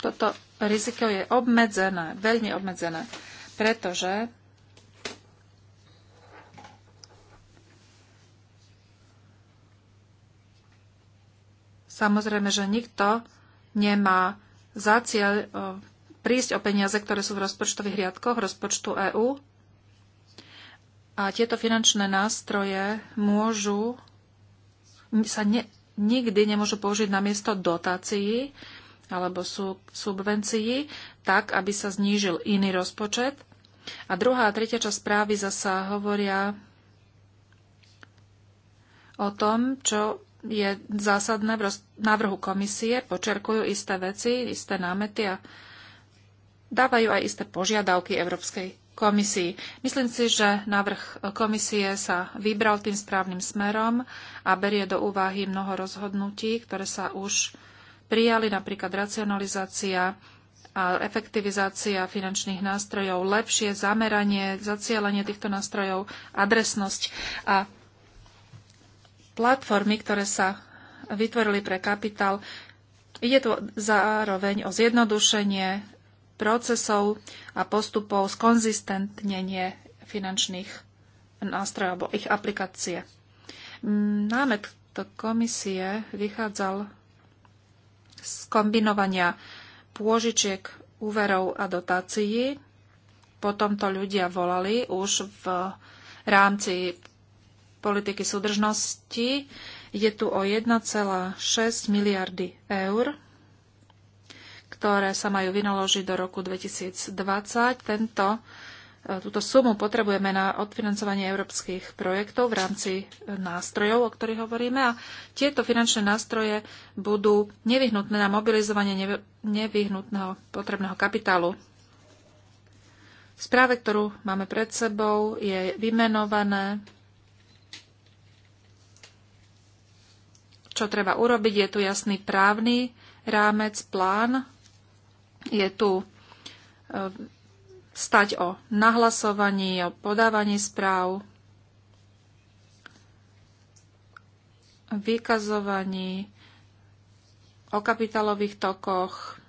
Toto riziko je obmedzené, veľmi obmedzené, pretože Samozrejme, že nikto nemá za cieľ e, prísť o peniaze, ktoré sú v rozpočtových riadkoch rozpočtu EÚ. A tieto finančné nástroje môžu sa ne, nikdy nemôžu použiť na miesto dotácií alebo sú, subvencií, tak, aby sa znížil iný rozpočet. A druhá a tretia časť správy zasa hovoria o tom, čo je zásadné v návrhu komisie, počerkujú isté veci, isté námety a dávajú aj isté požiadavky Európskej komisii. Myslím si, že návrh komisie sa vybral tým správnym smerom a berie do úvahy mnoho rozhodnutí, ktoré sa už prijali, napríklad racionalizácia a efektivizácia finančných nástrojov, lepšie zameranie, zacielenie týchto nástrojov, adresnosť a platformy, ktoré sa vytvorili pre kapitál. Ide tu zároveň o zjednodušenie procesov a postupov skonzistentnenie finančných nástrojov alebo ich aplikácie. Námet to komisie vychádzal z kombinovania pôžičiek, úverov a dotácií. Potom to ľudia volali už v rámci politiky súdržnosti. Je tu o 1,6 miliardy eur ktoré sa majú vynaložiť do roku 2020. Tento, e, túto sumu potrebujeme na odfinancovanie európskych projektov v rámci e, nástrojov, o ktorých hovoríme. A tieto finančné nástroje budú nevyhnutné na mobilizovanie nevyhnutného potrebného kapitálu. V správe, ktorú máme pred sebou, je vymenované čo treba urobiť. Je tu jasný právny rámec, plán, je tu e, stať o nahlasovaní, o podávaní správ, vykazovaní, o kapitálových tokoch.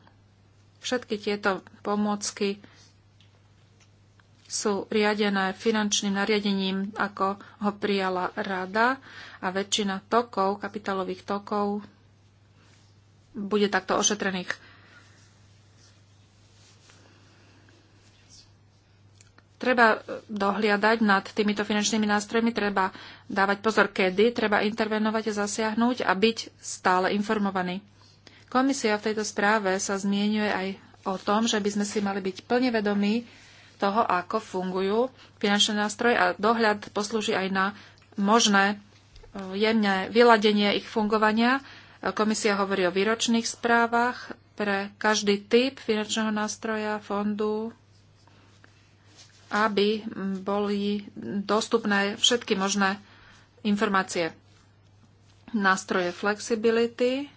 Všetky tieto pomôcky sú riadené finančným nariadením, ako ho prijala rada a väčšina tokov, kapitálových tokov, bude takto ošetrených. Treba dohliadať nad týmito finančnými nástrojmi, treba dávať pozor kedy, treba intervenovať a zasiahnuť a byť stále informovaný. Komisia v tejto správe sa zmienuje aj o tom, že by sme si mali byť plne vedomí toho, ako fungujú finančné nástroje a dohľad poslúži aj na možné eh, jemné vyladenie ich fungovania. Komisia hovorí o výročných správach pre každý typ finančného nástroja, fondu, aby boli dostupné všetky možné informácie. Nástroje flexibility,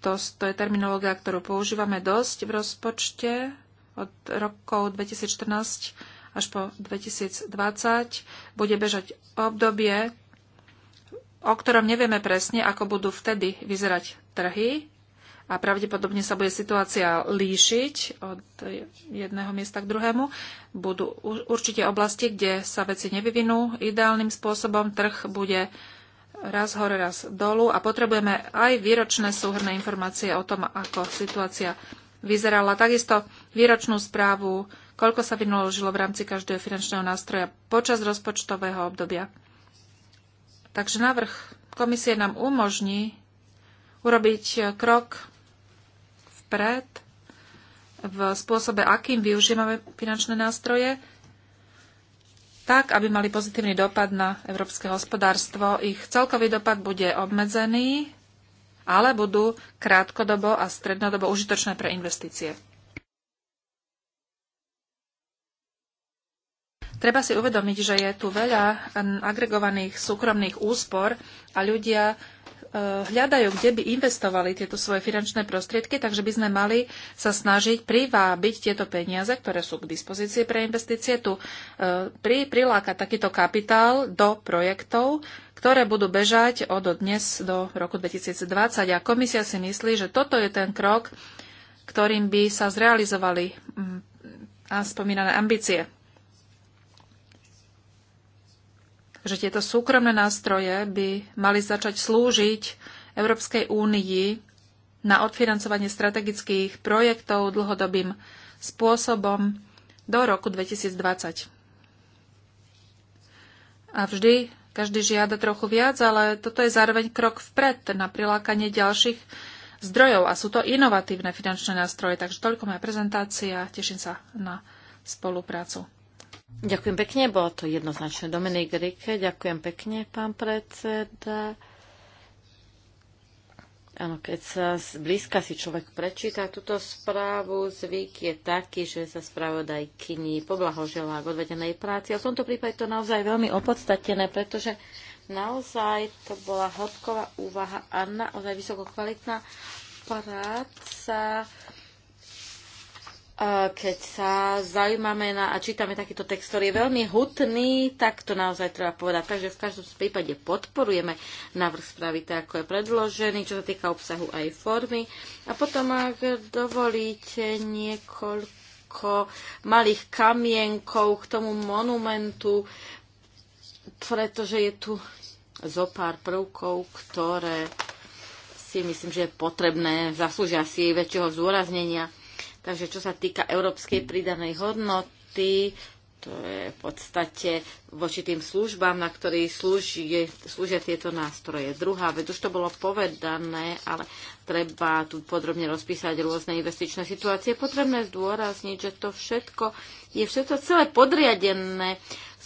to, to je terminológia, ktorú používame dosť v rozpočte od rokov 2014 až po 2020. Bude bežať obdobie, o ktorom nevieme presne, ako budú vtedy vyzerať trhy, a pravdepodobne sa bude situácia líšiť od jedného miesta k druhému. Budú určite oblasti, kde sa veci nevyvinú ideálnym spôsobom, trh bude raz hore, raz dolu a potrebujeme aj výročné súhrné informácie o tom, ako situácia vyzerala. Takisto výročnú správu, koľko sa vynaložilo v rámci každého finančného nástroja počas rozpočtového obdobia. Takže návrh komisie nám umožní urobiť krok vpred v spôsobe, akým využívame finančné nástroje, tak, aby mali pozitívny dopad na európske hospodárstvo. Ich celkový dopad bude obmedzený, ale budú krátkodobo a strednodobo užitočné pre investície. Treba si uvedomiť, že je tu veľa agregovaných súkromných úspor a ľudia hľadajú, kde by investovali tieto svoje finančné prostriedky, takže by sme mali sa snažiť privábiť tieto peniaze, ktoré sú k dispozícii pre investície, tu e, pri, prilákať takýto kapitál do projektov, ktoré budú bežať od dnes do roku 2020. A komisia si myslí, že toto je ten krok, ktorým by sa zrealizovali mm, a spomínané ambície. že tieto súkromné nástroje by mali začať slúžiť Európskej únii na odfinancovanie strategických projektov dlhodobým spôsobom do roku 2020. A vždy každý žiada trochu viac, ale toto je zároveň krok vpred na prilákanie ďalších zdrojov a sú to inovatívne finančné nástroje. Takže toľko moja prezentácia. Teším sa na spoluprácu. Ďakujem pekne, bolo to jednoznačné. Dominik Rike, ďakujem pekne, pán predseda. Áno, keď sa blízka si človek prečíta túto správu, zvyk je taký, že sa kyní poblahoželá k odvedenej práci. A v tomto prípade to naozaj veľmi opodstatené, pretože naozaj to bola hodková úvaha a naozaj vysokokvalitná práca keď sa zaujímame na, a čítame takýto text, ktorý je veľmi hutný, tak to naozaj treba povedať. Takže v každom prípade podporujeme návrh spravy, tak, ako je predložený, čo sa týka obsahu aj formy. A potom, ak dovolíte, niekoľko malých kamienkov k tomu monumentu, pretože je tu zo pár prvkov, ktoré si myslím, že je potrebné, zaslúžia si väčšieho zúraznenia. Takže čo sa týka európskej pridanej hodnoty, to je v podstate voči tým službám, na ktorých slúži, slúžia tieto nástroje. Druhá vec, už to bolo povedané, ale treba tu podrobne rozpísať rôzne investičné situácie. Potrebné zdôrazniť, že to všetko je všetko celé podriadené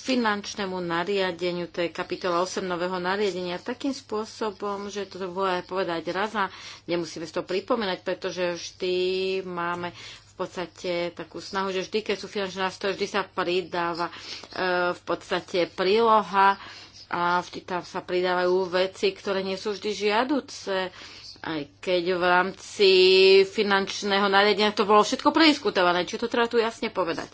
finančnému nariadeniu, to je kapitola 8 nového nariadenia, takým spôsobom, že to bude povedať raz a nemusíme si to pripomínať, pretože vždy máme v podstate takú snahu, že vždy, keď sú finančné nástroje, vždy sa pridáva e, v podstate príloha a vždy tam sa pridávajú veci, ktoré nie sú vždy žiaduce aj keď v rámci finančného nariadenia to bolo všetko prediskutované, či to treba tu jasne povedať.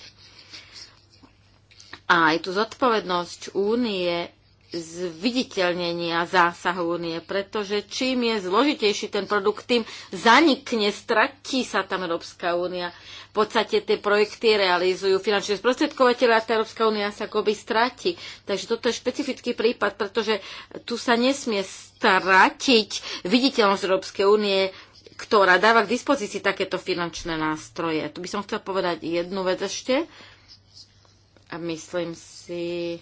A je tu zodpovednosť únie zviditeľnenia zásahu únie, pretože čím je zložitejší ten produkt, tým zanikne, stratí sa tam Európska únia. V podstate tie projekty realizujú finančné sprostredkovateľe a tá Európska únia sa akoby stratí. Takže toto je špecifický prípad, pretože tu sa nesmie stratiť viditeľnosť Európskej únie, ktorá dáva k dispozícii takéto finančné nástroje. Tu by som chcela povedať jednu vec ešte a myslím si,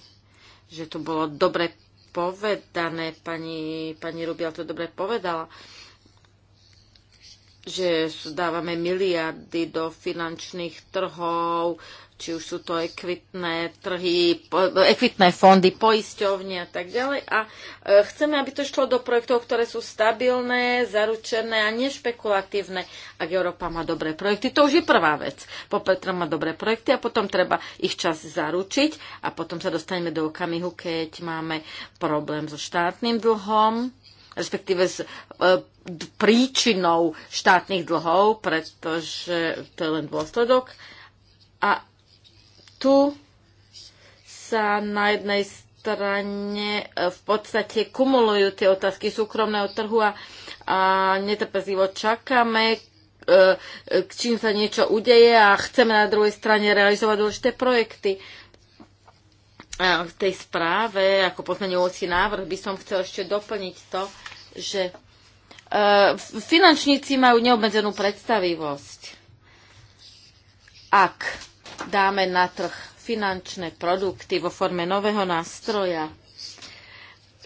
že to bolo dobre povedané, pani, pani Rubial to dobre povedala, že dávame miliardy do finančných trhov, či už sú to ekvitné trhy, ekvitné fondy, poisťovne a tak ďalej. A e, chceme, aby to šlo do projektov, ktoré sú stabilné, zaručené a nešpekulatívne. Ak Európa má dobré projekty, to už je prvá vec. Poprvé má dobré projekty a potom treba ich čas zaručiť a potom sa dostaneme do okamihu, keď máme problém so štátnym dlhom, respektíve s e, príčinou štátnych dlhov, pretože to je len dôsledok a tu sa na jednej strane e, v podstate kumulujú tie otázky súkromného trhu a, a netrpezivo čakáme, e, e, k čím sa niečo udeje a chceme na druhej strane realizovať dôležité projekty. A v tej správe, ako pozmeňujúci návrh, by som chcel ešte doplniť to, že finančníci majú neobmedzenú predstavivosť. Ak dáme na trh finančné produkty vo forme nového nástroja,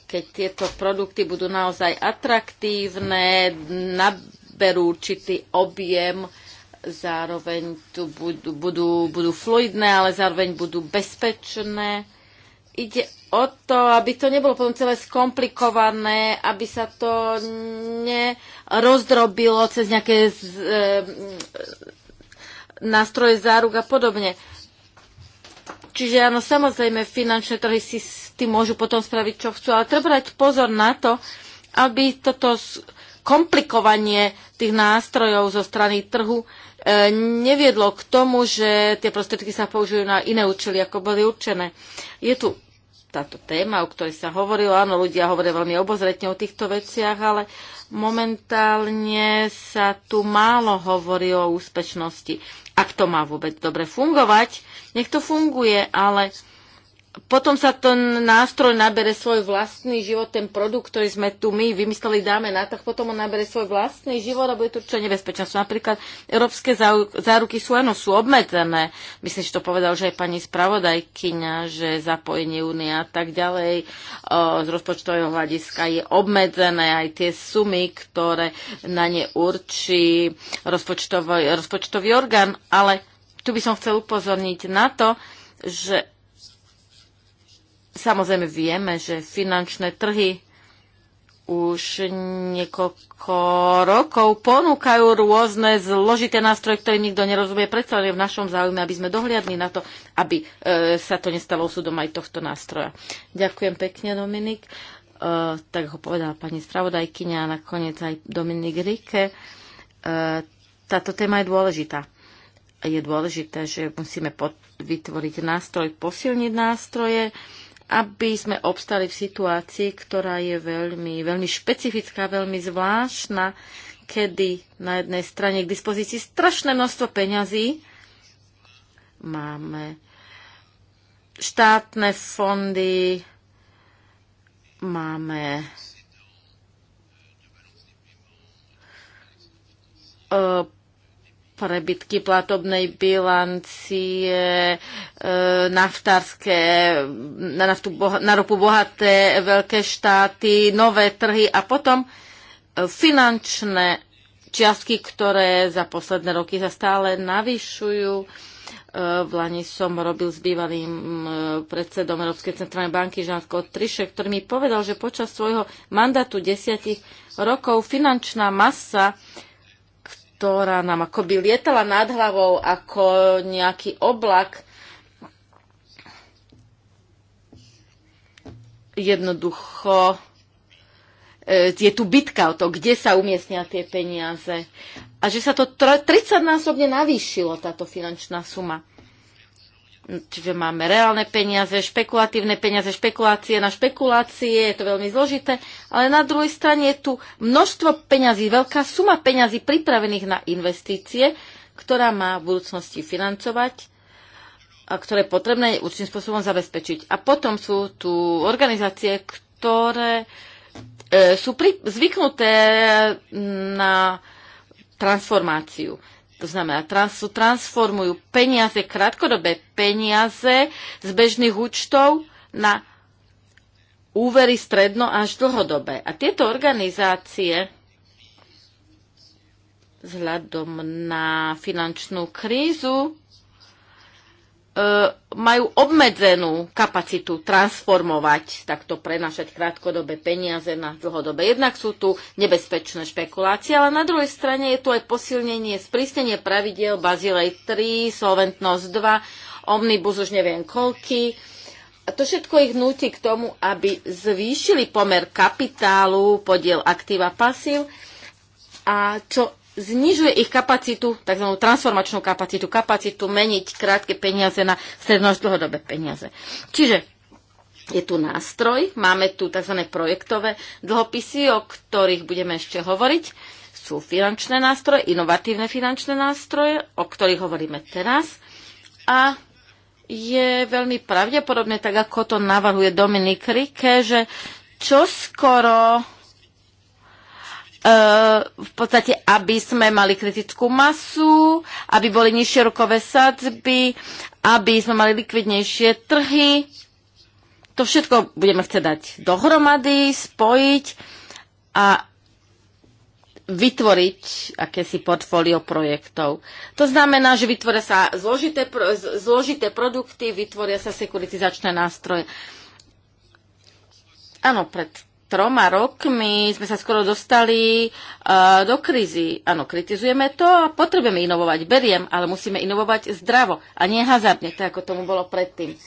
keď tieto produkty budú naozaj atraktívne, naberú určitý objem, zároveň tu budú, budú, budú fluidné, ale zároveň budú bezpečné. Ide o to, aby to nebolo potom celé skomplikované, aby sa to nerozdrobilo cez nejaké z, e, nástroje záruk a podobne. Čiže áno, samozrejme, finančné trhy si s tým môžu potom spraviť, čo chcú, ale treba dať pozor na to, aby toto komplikovanie tých nástrojov zo strany trhu e, neviedlo k tomu, že tie prostriedky sa použijú na iné účely, ako boli určené. Je tu táto téma, o ktorej sa hovorilo. Áno, ľudia hovoria veľmi obozretne o týchto veciach, ale momentálne sa tu málo hovorí o úspešnosti ak to má vôbec dobre fungovať, nech to funguje, ale potom sa ten nástroj nabere svoj vlastný život, ten produkt, ktorý sme tu my vymysleli, dáme na trh, potom on nabere svoj vlastný život a bude to určite Sú Napríklad európske záruky sú, áno, sú obmedzené. Myslím, že to povedal, že aj pani spravodajkyňa, že zapojenie únie a tak ďalej z rozpočtového hľadiska je obmedzené aj tie sumy, ktoré na ne určí rozpočtový, rozpočtový orgán. Ale tu by som chcel upozorniť na to, že Samozrejme vieme, že finančné trhy už niekoľko rokov ponúkajú rôzne zložité nástroje, ktoré nikto nerozumie. Preto je v našom záujme, aby sme dohliadli na to, aby e, sa to nestalo súdom aj tohto nástroja. Ďakujem pekne, Dominik. E, tak ho povedala pani spravodajkyňa a nakoniec aj Dominik Rike. E, táto téma je dôležitá. Je dôležité, že musíme vytvoriť nástroj, posilniť nástroje, aby sme obstali v situácii, ktorá je veľmi, veľmi špecifická, veľmi zvláštna, kedy na jednej strane k dispozícii strašné množstvo peňazí máme štátne fondy, máme uh, prebytky platobnej bilancie, e, naftárske, na, naftu, na ropu bohaté veľké štáty, nové trhy a potom e, finančné čiastky, ktoré za posledné roky sa stále navyšujú. E, v Lani som robil s bývalým predsedom Európskej centrálnej banky Žanko Trišek, ktorý mi povedal, že počas svojho mandátu desiatich rokov finančná masa ktorá nám ako by lietala nad hlavou ako nejaký oblak. Jednoducho e, je tu bitka o to, kde sa umiestnia tie peniaze. A že sa to 30-násobne navýšilo, táto finančná suma. Čiže máme reálne peniaze, špekulatívne peniaze, špekulácie na špekulácie, je to veľmi zložité, ale na druhej strane je tu množstvo peňazí, veľká suma peňazí pripravených na investície, ktorá má v budúcnosti financovať a ktoré je potrebné určitým spôsobom zabezpečiť. A potom sú tu organizácie, ktoré e, sú pri, zvyknuté mm, na transformáciu. To znamená, trans, transformujú peniaze, krátkodobé peniaze z bežných účtov na úvery stredno až dlhodobé. A tieto organizácie vzhľadom na finančnú krízu E, majú obmedzenú kapacitu transformovať, takto prenašať krátkodobé peniaze na dlhodobé. Jednak sú tu nebezpečné špekulácie, ale na druhej strane je tu aj posilnenie, sprísnenie pravidiel Bazilej 3, Solventnosť 2, Omnibus už neviem koľky. A to všetko ich nutí k tomu, aby zvýšili pomer kapitálu, podiel aktíva pasív a čo znižuje ich kapacitu, tzv. transformačnú kapacitu, kapacitu meniť krátke peniaze na strednosť dlhodobé peniaze. Čiže je tu nástroj, máme tu tzv. projektové dlhopisy, o ktorých budeme ešte hovoriť. Sú finančné nástroje, inovatívne finančné nástroje, o ktorých hovoríme teraz. A je veľmi pravdepodobné, tak ako to navrhuje Dominik Rike, že čo skoro Eh, v podstate, aby sme mali kritickú masu, aby boli nižšie rokové sadzby, aby sme mali likvidnejšie trhy. To všetko budeme chcieť dať dohromady, spojiť a vytvoriť akési portfólio projektov. To znamená, že vytvoria sa zložité, zložité produkty, vytvoria sa sekuritizačné nástroje. Áno, pred troma rokmi sme sa skoro dostali uh, do krízy. Áno, kritizujeme to a potrebujeme inovovať, beriem, ale musíme inovovať zdravo a nie hazardne, tak ako tomu bolo predtým.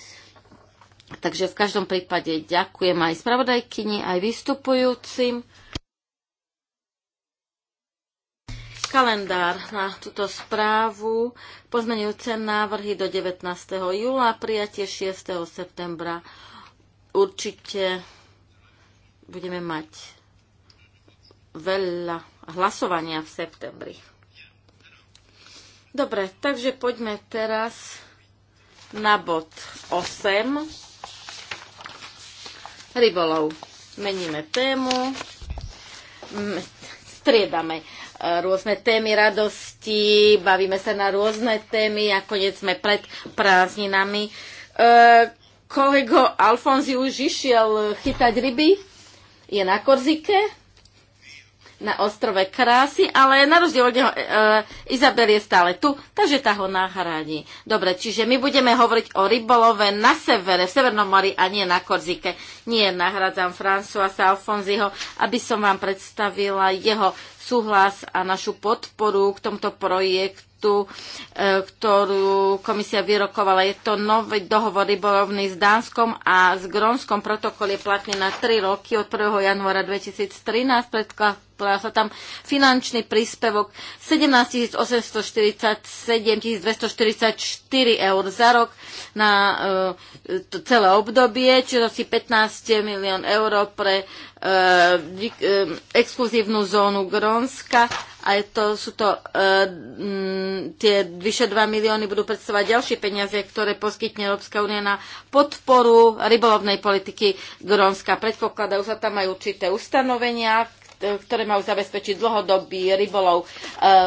Takže v každom prípade ďakujem aj spravodajkyni, aj vystupujúcim. kalendár na túto správu. Pozmenujúce návrhy do 19. júla, prijatie 6. septembra. Určite budeme mať veľa hlasovania v septembri. Dobre, takže poďme teraz na bod 8. Rybolov. Meníme tému. Striedame e, rôzne témy radosti, bavíme sa na rôzne témy a konec sme pred prázdninami. E, kolego Alfonzi už išiel chytať ryby? je na Korzike, na ostrove krásy, ale na rozdiel od neho e, e, Izabel je stále tu, takže tá ho nahradí. Dobre, čiže my budeme hovoriť o rybolove na severe, v Severnom mori a nie na Korzike. Nie nahradzam Francoisa Alfonziho, aby som vám predstavila jeho súhlas a našu podporu k tomuto projektu e, ktorú komisia vyrokovala. Je to nový dohovor rybolovný s Dánskom a s Grónskom protokol je platný na 3 roky od 1. januára 2013. Predklad podá sa tam finančný príspevok 17 847 244 eur za rok na e, to celé obdobie, čiže asi 15 milión eur pre e, e, exkluzívnu zónu Grónska a je to, sú to e, m, tie vyše 2 milióny budú predstavovať ďalšie peniaze, ktoré poskytne Európska únia na podporu rybolovnej politiky Grónska. Predpokladajú sa tam aj určité ustanovenia, ktoré majú zabezpečiť dlhodobý rybolov e,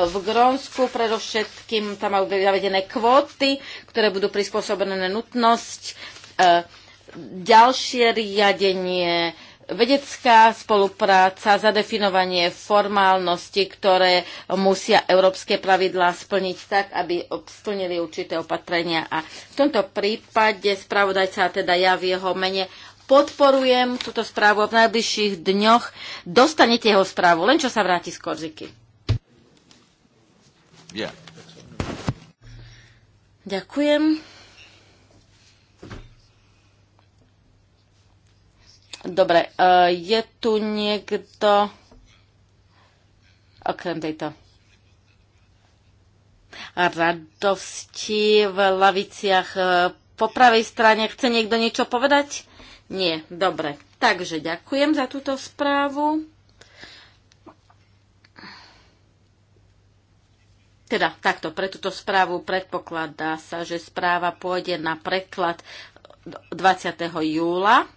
v Grónsku. Predovšetkým tam majú zavedené kvóty, ktoré budú prispôsobené na nutnosť. E, ďalšie riadenie vedecká spolupráca, zadefinovanie formálnosti, ktoré musia európske pravidlá splniť tak, aby splnili určité opatrenia. A v tomto prípade spravodajca, teda ja v jeho mene, podporujem túto správu a v najbližších dňoch dostanete jeho správu, len čo sa vráti z Korziky. Yeah. Ďakujem. Dobre, e, je tu niekto okrem tejto radosti v laviciach e, po pravej strane. Chce niekto niečo povedať? Nie, dobre. Takže ďakujem za túto správu. Teda takto, pre túto správu predpokladá sa, že správa pôjde na preklad 20. júla.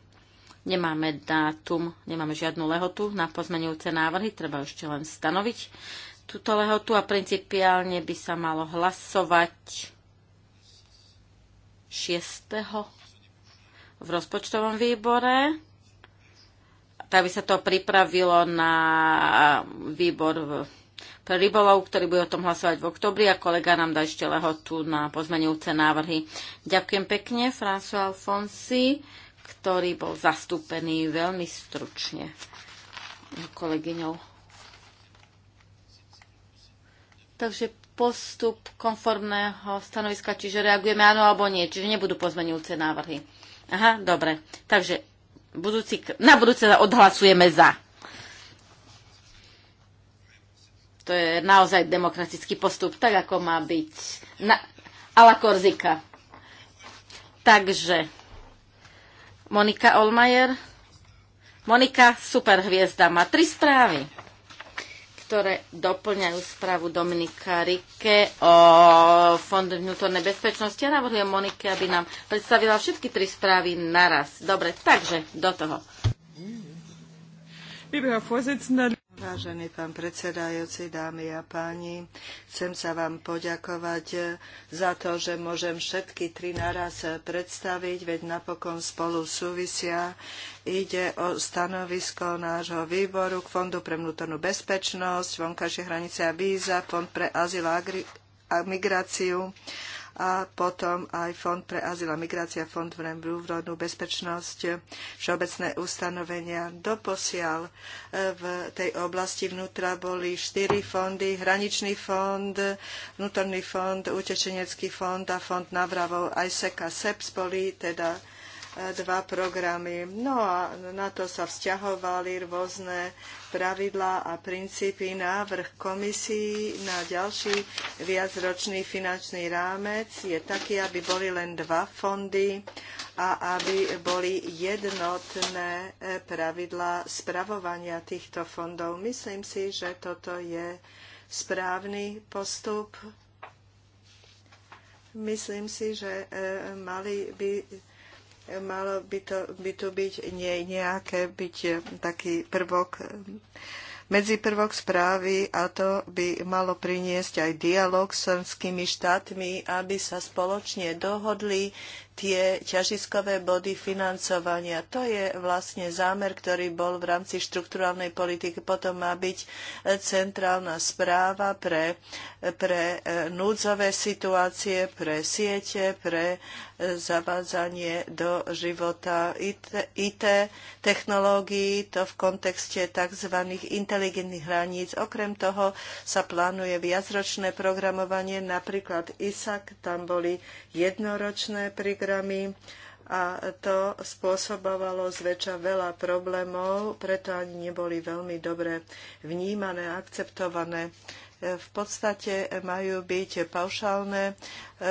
Nemáme dátum, nemáme žiadnu lehotu na pozmenujúce návrhy, treba ešte len stanoviť túto lehotu a principiálne by sa malo hlasovať 6 v rozpočtovom výbore, tak by sa to pripravilo na výbor pre rybolov, ktorý bude o tom hlasovať v oktobri a kolega nám dá ešte lehotu na pozmenujúce návrhy. Ďakujem pekne François Alfonsi, ktorý bol zastúpený veľmi stručne kolegyňou. Takže postup konformného stanoviska, čiže reagujeme áno alebo nie, čiže nebudú pozmenujúce návrhy. Aha, dobre. Takže budúci, na budúce odhlasujeme za. To je naozaj demokratický postup, tak ako má byť. Na, a la Korzika. Takže Monika Olmajer. Monika, super hviezda, má tri správy ktoré doplňajú správu Dominika Rike o Fondu vnútornej bezpečnosti. Ja navrhujem Monike, aby nám predstavila všetky tri správy naraz. Dobre, takže do toho. Liebe Herr Vorsitzender, Vážený pán predsedajúci, dámy a páni, chcem sa vám poďakovať za to, že môžem všetky tri naraz predstaviť, veď napokon spolu súvisia. Ide o stanovisko nášho výboru k Fondu pre vnútornú bezpečnosť, vonkajšie hranice a víza, Fond pre azyl a migráciu a potom aj Fond pre azyl a migrácia, Fond v vnútornú bezpečnosť, všeobecné ustanovenia. Doposiaľ e, v tej oblasti vnútra boli štyri fondy, hraničný fond, vnútorný fond, utečenecký fond a fond navravov. Aj a SEPS boli teda dva programy. No a na to sa vzťahovali rôzne pravidlá a princípy návrh komisí na ďalší viacročný finančný rámec je taký, aby boli len dva fondy a aby boli jednotné pravidlá spravovania týchto fondov. Myslím si, že toto je správny postup. Myslím si, že e, mali by malo by, to, by tu byť nie, nejaké byť taký prvok medzi prvok správy a to by malo priniesť aj dialog s členskými štátmi, aby sa spoločne dohodli tie ťažiskové body financovania. To je vlastne zámer, ktorý bol v rámci štruktúralnej politiky. Potom má byť centrálna správa pre, pre núdzové situácie, pre siete, pre zavádzanie do života IT, IT technológií, to v kontexte tzv. inteligentných hraníc. Okrem toho sa plánuje viacročné programovanie, napríklad ISAC, tam boli jednoročné programy a to spôsobovalo zväčša veľa problémov, preto ani neboli veľmi dobre vnímané, akceptované. V podstate majú byť paušálne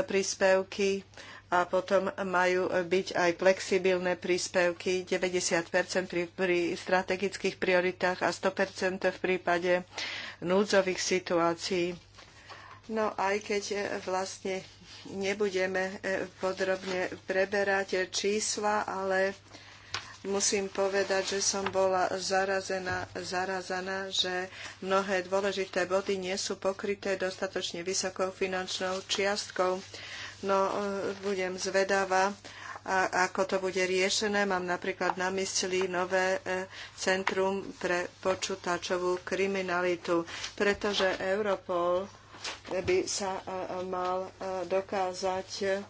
príspevky a potom majú byť aj flexibilné príspevky 90 pri, pri strategických prioritách a 100 v prípade núdzových situácií. No aj keď vlastne nebudeme e, podrobne preberať čísla, ale musím povedať, že som bola zarazená, zarazená, že mnohé dôležité body nie sú pokryté dostatočne vysokou finančnou čiastkou. No, e, budem zvedavá, a ako to bude riešené. Mám napríklad na mysli nové e, centrum pre počutačovú kriminalitu, pretože Europol by sa e, mal dokázať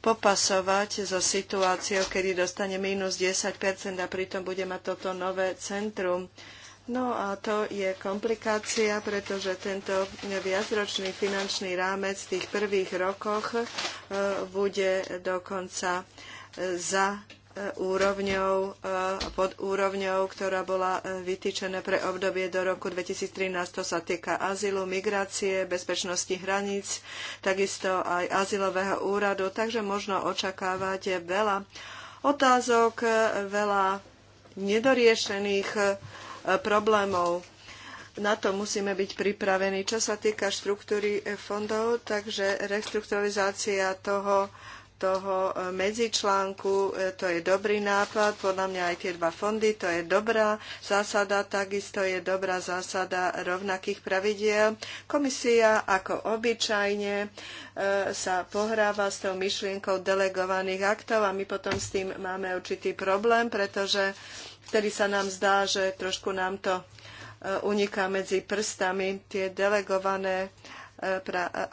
popasovať so situáciou, kedy dostane minus 10 a pritom bude mať toto nové centrum. No a to je komplikácia, pretože tento viacročný finančný rámec v tých prvých rokoch e, bude dokonca e, za e, úrovňou, pod úrovňou, ktorá bola vytýčená pre obdobie do roku 2013. To sa týka azylu, migrácie, bezpečnosti hraníc, takisto aj azylového úradu. Takže možno očakávať veľa otázok, veľa nedoriešených E, problémov. Na to musíme byť pripravení. Čo sa týka štruktúry e, fondov, takže reštrukturalizácia toho, toho e, medzičlánku, to je dobrý nápad, podľa mňa aj tie dva fondy, to je dobrá zásada, takisto je dobrá zásada rovnakých pravidiel. Komisia ako obyčajne sa pohráva s tou myšlienkou delegovaných aktov a my potom s tým máme určitý problém, pretože Vtedy sa nám zdá, že trošku nám to e, uniká medzi prstami. Tie delegované e,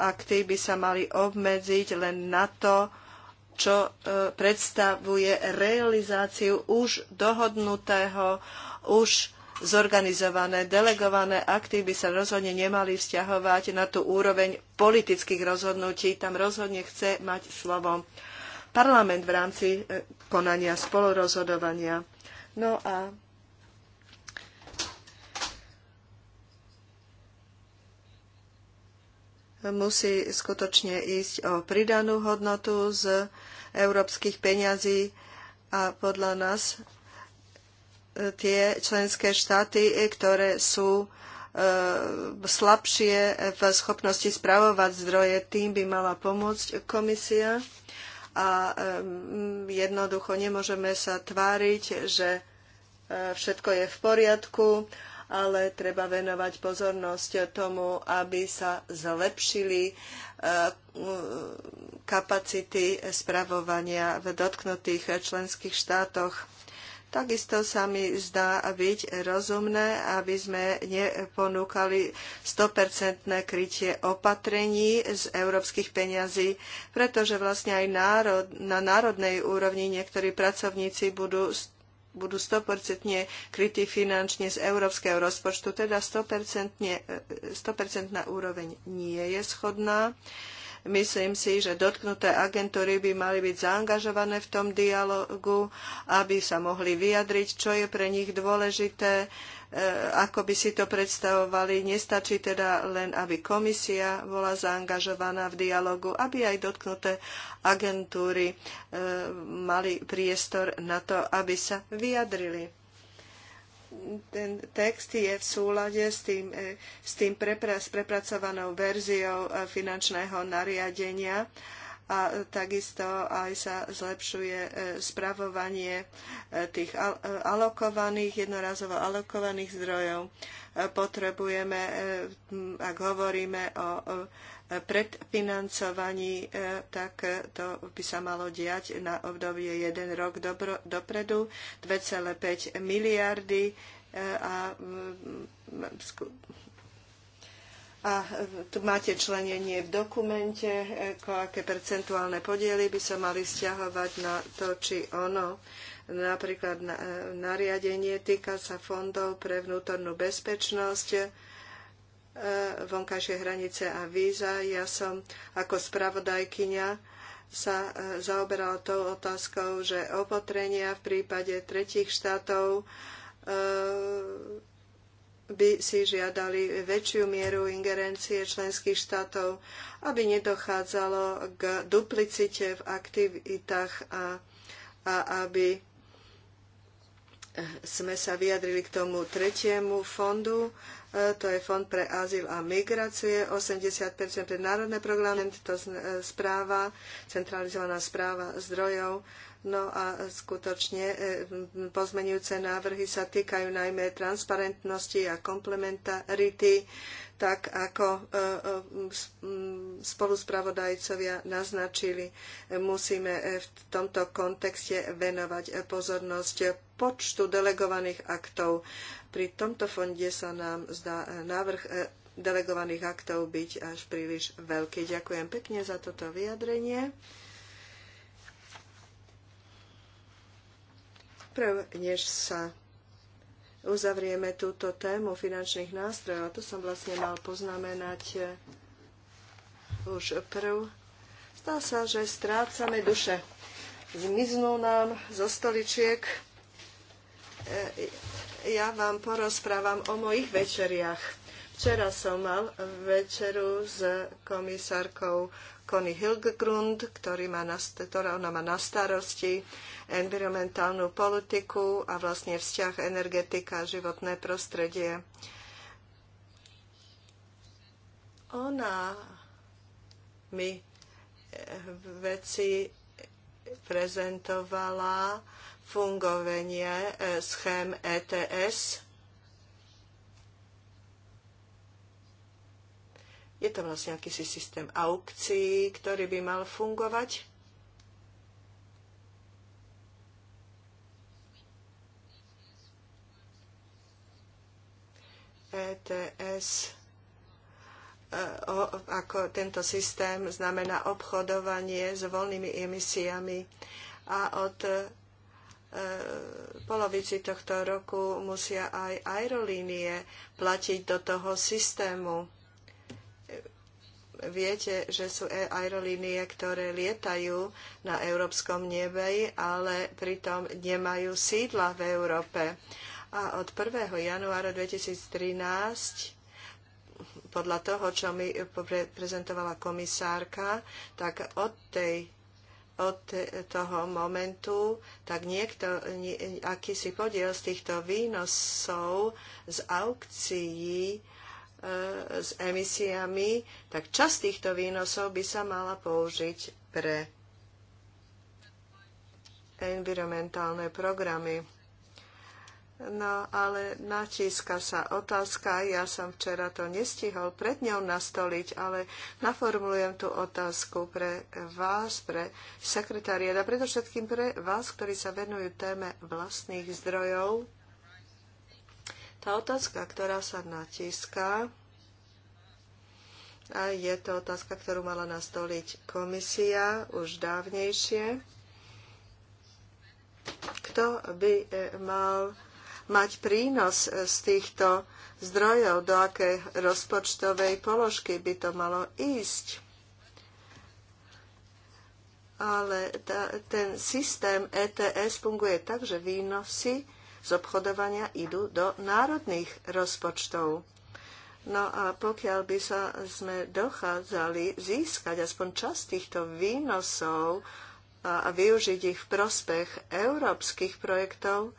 akty by sa mali obmedziť len na to, čo e, predstavuje realizáciu už dohodnutého, už zorganizované. Delegované akty by sa rozhodne nemali vzťahovať na tú úroveň politických rozhodnutí. Tam rozhodne chce mať slovo parlament v rámci konania spolurozhodovania. No a musí skutočne ísť o pridanú hodnotu z európskych peňazí a podľa nás e, tie členské štáty, e, ktoré sú e, slabšie v schopnosti spravovať zdroje, tým by mala pomôcť komisia a jednoducho nemôžeme sa tváriť, že e, všetko je v poriadku, ale treba venovať pozornosť tomu, aby sa zlepšili e, kapacity spravovania v dotknutých členských štátoch. Takisto sa mi zdá byť rozumné, aby sme neponúkali 100% krytie opatrení z európskych peňazí, pretože vlastne aj národ, na národnej úrovni niektorí pracovníci budú budú 100% krytí finančne z európskeho rozpočtu, teda 100%, 100% e, úroveň nie je schodná. Myslím si, že dotknuté agentúry by mali byť zaangažované v tom dialogu, aby sa mohli vyjadriť, čo je pre nich dôležité, e, ako by si to predstavovali. Nestačí teda len, aby komisia bola zaangažovaná v dialogu, aby aj dotknuté agentúry e, mali priestor na to, aby sa vyjadrili ten text je v súlade s tým, e, s tým prepra- s prepracovanou verziou e, finančného nariadenia a takisto aj sa zlepšuje e, spravovanie tých alokovaných, jednorazovo alokovaných zdrojov. Potrebujeme, ak hovoríme o predfinancovaní, e, tak to by sa malo diať na obdobie 1 rok dobro, dopredu 2,5 miliardy e, a, mm, a e, tu máte členenie v dokumente, aké percentuálne podiely by sa mali stiahovať na to či ono napríklad nariadenie týka sa fondov pre vnútornú bezpečnosť E, vonkajšie hranice a víza. Ja som ako spravodajkyňa sa e, zaoberala tou otázkou, že opotrenia v prípade tretich štátov e, by si žiadali väčšiu mieru ingerencie členských štátov, aby nedochádzalo k duplicite v aktivitách a, a aby sme sa vyjadrili k tomu tretiemu fondu to je Fond pre azyl a migrácie, 80% pre národné programy, to e, správa, centralizovaná správa zdrojov No a skutočne e, pozmenujúce návrhy sa týkajú najmä transparentnosti a komplementarity, tak ako e, e, spoluspravodajcovia naznačili, musíme v tomto kontexte venovať pozornosť počtu delegovaných aktov. Pri tomto fonde sa nám zdá návrh delegovaných aktov byť až príliš veľký. Ďakujem pekne za toto vyjadrenie. Najprv, než sa uzavrieme túto tému finančných nástrojov, a to som vlastne mal poznamenať e, už prv, zdá sa, že strácame duše. Zmiznú nám zo stoličiek. E, ja vám porozprávam o mojich večeriach. Včera som mal večeru s komisárkou Conny Hilgegrund, ktorý má na, ktorá ona má na starosti environmentálnu politiku a vlastne vzťah energetika a životné prostredie. Ona mi eh, veci prezentovala fungovanie eh, schém ETS Je to vlastne akýsi systém aukcií, ktorý by mal fungovať. ETS e, ako tento systém znamená obchodovanie s voľnými emisiami a od e, polovici tohto roku musia aj aerolínie platiť do toho systému viete, že sú e- aerolínie, ktoré lietajú na európskom nebe, ale pritom nemajú sídla v Európe. A od 1. januára 2013 podľa toho, čo mi prezentovala komisárka, tak od tej od toho momentu, tak niekto, akýsi podiel z týchto výnosov z aukcií E, s emisiami, tak časť týchto výnosov by sa mala použiť pre environmentálne programy. No ale natíska sa otázka, ja som včera to nestihol pred ňou nastoliť, ale naformulujem tú otázku pre vás, pre sekretariat a predovšetkým pre vás, ktorí sa venujú téme vlastných zdrojov tá otázka, ktorá sa natíska, a je to otázka, ktorú mala nastoliť komisia už dávnejšie, kto by e, mal mať prínos z týchto zdrojov, do akej rozpočtovej položky by to malo ísť. Ale ta, ten systém ETS funguje tak, že výnosy z obchodovania idú do národných rozpočtov. No a pokiaľ by sa sme dochádzali získať aspoň časť týchto výnosov a využiť ich v prospech európskych projektov,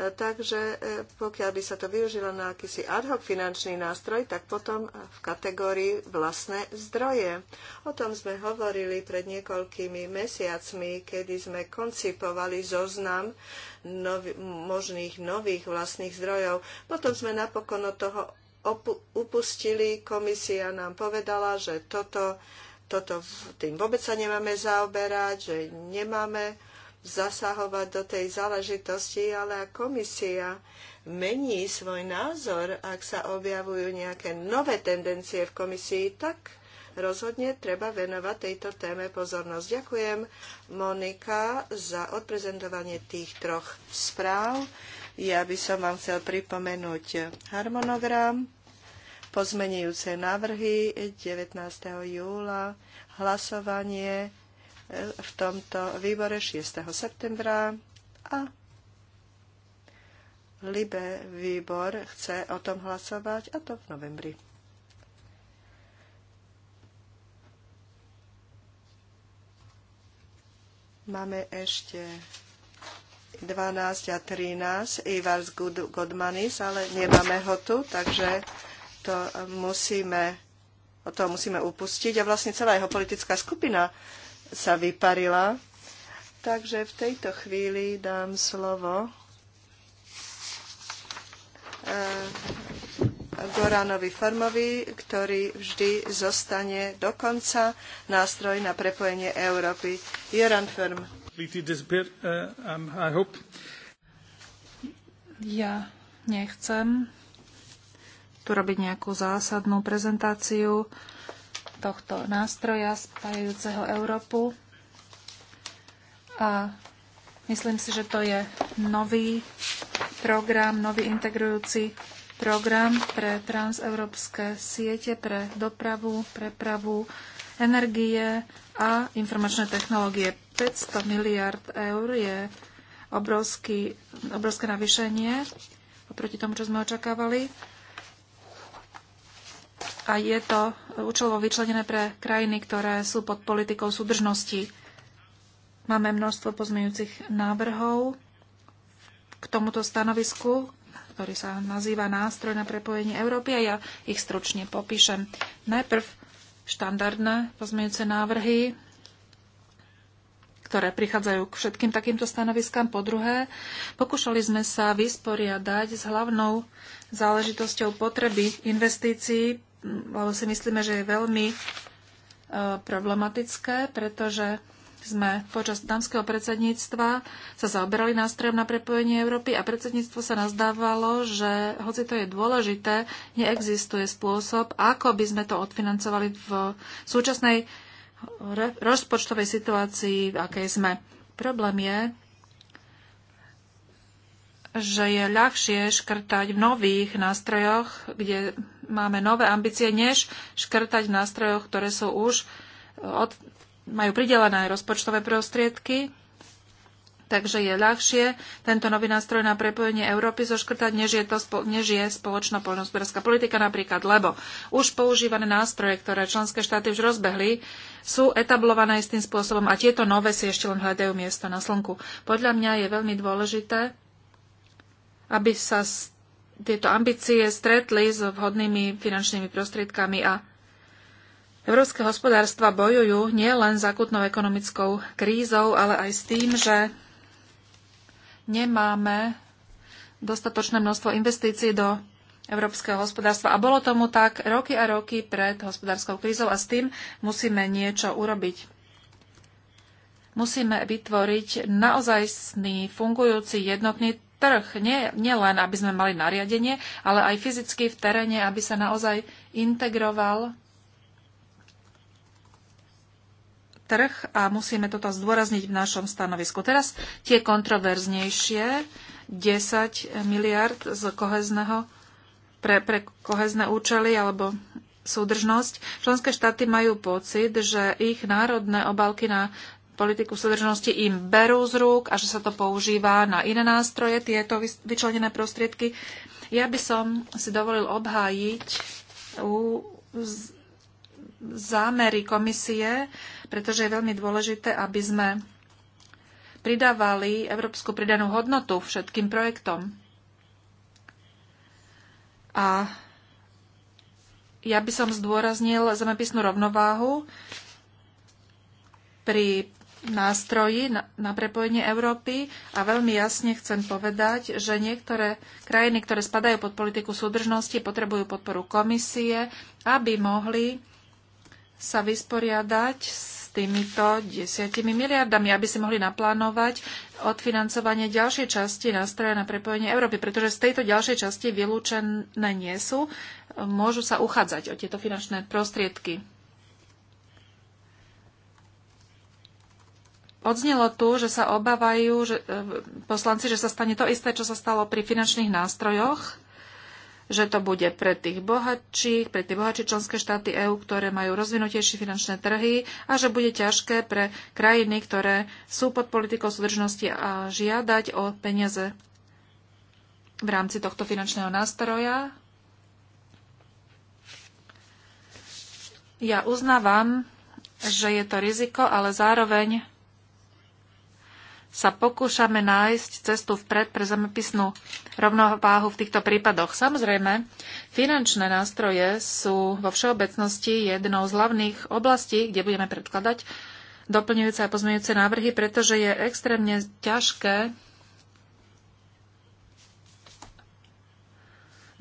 Takže e, pokiaľ by sa to využilo na akýsi ad hoc finančný nástroj, tak potom v kategórii vlastné zdroje. O tom sme hovorili pred niekoľkými mesiacmi, kedy sme koncipovali zoznam nov- možných nových vlastných zdrojov. Potom sme napokon od toho upustili. Komisia nám povedala, že toto, toto tým vôbec sa nemáme zaoberať, že nemáme zasahovať do tej záležitosti, ale ak komisia mení svoj názor, ak sa objavujú nejaké nové tendencie v komisii, tak rozhodne treba venovať tejto téme pozornosť. Ďakujem Monika za odprezentovanie tých troch správ. Ja by som vám chcel pripomenúť harmonogram, pozmenujúce návrhy 19. júla, hlasovanie v tomto výbore 6. septembra a Libe výbor chce o tom hlasovať a to v novembri. Máme ešte 12 a 13 Ivars Godmanis, ale nemáme ho tu, takže to musíme, o toho musíme upustiť. A vlastne celá jeho politická skupina sa vyparila. Takže v tejto chvíli dám slovo eh, Goranovi Farmovi, ktorý vždy zostane dokonca nástroj na prepojenie Európy. Joran Firm. Eh, um, ja nechcem tu robiť nejakú zásadnú prezentáciu tohto nástroja spájajúceho Európu. A myslím si, že to je nový program, nový integrujúci program pre transeurópske siete, pre dopravu, prepravu, energie a informačné technológie. 500 miliard eur je obrovský, obrovské navýšenie oproti tomu, čo sme očakávali a je to účelovo vyčlenené pre krajiny, ktoré sú pod politikou súdržnosti. Máme množstvo pozmeňujúcich návrhov k tomuto stanovisku, ktorý sa nazýva Nástroj na prepojenie Európy a ja ich stručne popíšem. Najprv štandardné pozmeňujúce návrhy, ktoré prichádzajú k všetkým takýmto stanoviskám. Po druhé, pokúšali sme sa vysporiadať s hlavnou záležitosťou potreby investícií lebo si myslíme, že je veľmi e, problematické, pretože sme počas dámskeho predsedníctva sa zaoberali nástrojom na prepojenie Európy a predsedníctvo sa nazdávalo, že hoci to je dôležité, neexistuje spôsob, ako by sme to odfinancovali v súčasnej rozpočtovej situácii, v akej sme. Problém je, že je ľahšie škrtať v nových nástrojoch, kde máme nové ambície, než škrtať v nástrojoch, ktoré sú už e, od, majú pridelené rozpočtové prostriedky, takže je ľahšie tento nový nástroj na prepojenie Európy zoškrtať, než je, to, než je spoločná poľnohospodárska politika napríklad, lebo už používané nástroje, ktoré členské štáty už rozbehli, sú etablované istým spôsobom a tieto nové si ešte len hľadajú miesto na slnku. Podľa mňa je veľmi dôležité, aby sa z tieto ambície stretli s vhodnými finančnými prostriedkami a Európske hospodárstva bojujú nielen s akutnou ekonomickou krízou, ale aj s tým, že nemáme dostatočné množstvo investícií do európskeho hospodárstva. A bolo tomu tak roky a roky pred hospodárskou krízou a s tým musíme niečo urobiť. Musíme vytvoriť naozajstný, fungujúci, jednotný trh. Nie, nie len, aby sme mali nariadenie, ale aj fyzicky v teréne, aby sa naozaj integroval trh a musíme toto zdôrazniť v našom stanovisku. Teraz tie kontroverznejšie 10 miliard z kohezného pre, pre kohezné účely alebo súdržnosť. Členské štáty majú pocit, že ich národné obalky na politiku súdržnosti im berú z rúk a že sa to používa na iné nástroje, tieto vyčlenené prostriedky. Ja by som si dovolil obhájiť zámery komisie, pretože je veľmi dôležité, aby sme pridávali európsku pridanú hodnotu všetkým projektom. A ja by som zdôraznil zemepisnú rovnováhu pri nástroji na, prepojenie Európy a veľmi jasne chcem povedať, že niektoré krajiny, ktoré spadajú pod politiku súdržnosti, potrebujú podporu komisie, aby mohli sa vysporiadať s týmito desiatimi miliardami, aby si mohli naplánovať odfinancovanie ďalšej časti nástroja na prepojenie Európy, pretože z tejto ďalšej časti vylúčené nie sú, môžu sa uchádzať o tieto finančné prostriedky. Odznelo tu, že sa obávajú že, e, poslanci, že sa stane to isté, čo sa stalo pri finančných nástrojoch, že to bude pre tých bohatších, pre tie bohatšie členské štáty EÚ, ktoré majú rozvinutejšie finančné trhy a že bude ťažké pre krajiny, ktoré sú pod politikou súdržnosti a žiadať o peniaze v rámci tohto finančného nástroja. Ja uznávam, že je to riziko, ale zároveň sa pokúšame nájsť cestu vpred pre zemepisnú rovnováhu v týchto prípadoch. Samozrejme, finančné nástroje sú vo všeobecnosti jednou z hlavných oblastí, kde budeme predkladať doplňujúce a pozmeňujúce návrhy, pretože je extrémne ťažké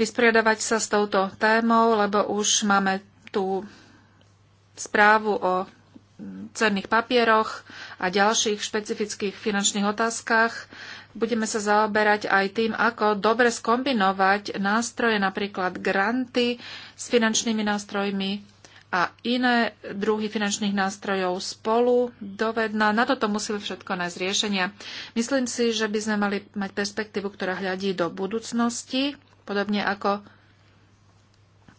vysporiadavať sa s touto témou, lebo už máme tú správu o cenných papieroch a ďalších špecifických finančných otázkach. Budeme sa zaoberať aj tým, ako dobre skombinovať nástroje, napríklad granty s finančnými nástrojmi a iné druhy finančných nástrojov spolu dovedná. Na toto musíme všetko nájsť riešenia. Myslím si, že by sme mali mať perspektívu, ktorá hľadí do budúcnosti, podobne ako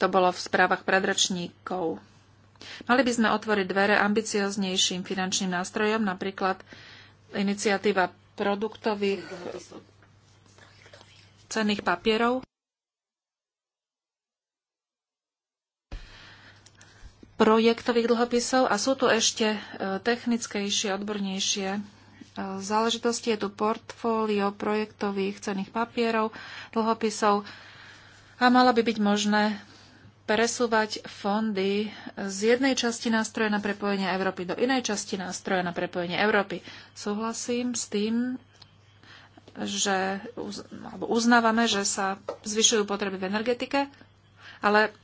to bolo v správach predračníkov. Mali by sme otvoriť dvere ambicioznejším finančným nástrojom, napríklad iniciatíva produktových cenných papierov. projektových dlhopisov a sú tu ešte e, technickejšie, odbornejšie e, záležitosti. Je tu portfólio projektových cených papierov, dlhopisov a malo by byť možné presúvať fondy z jednej časti nástroja na prepojenie Európy do inej časti nástroja na prepojenie Európy. Súhlasím s tým, že alebo uznávame, že sa zvyšujú potreby v energetike, ale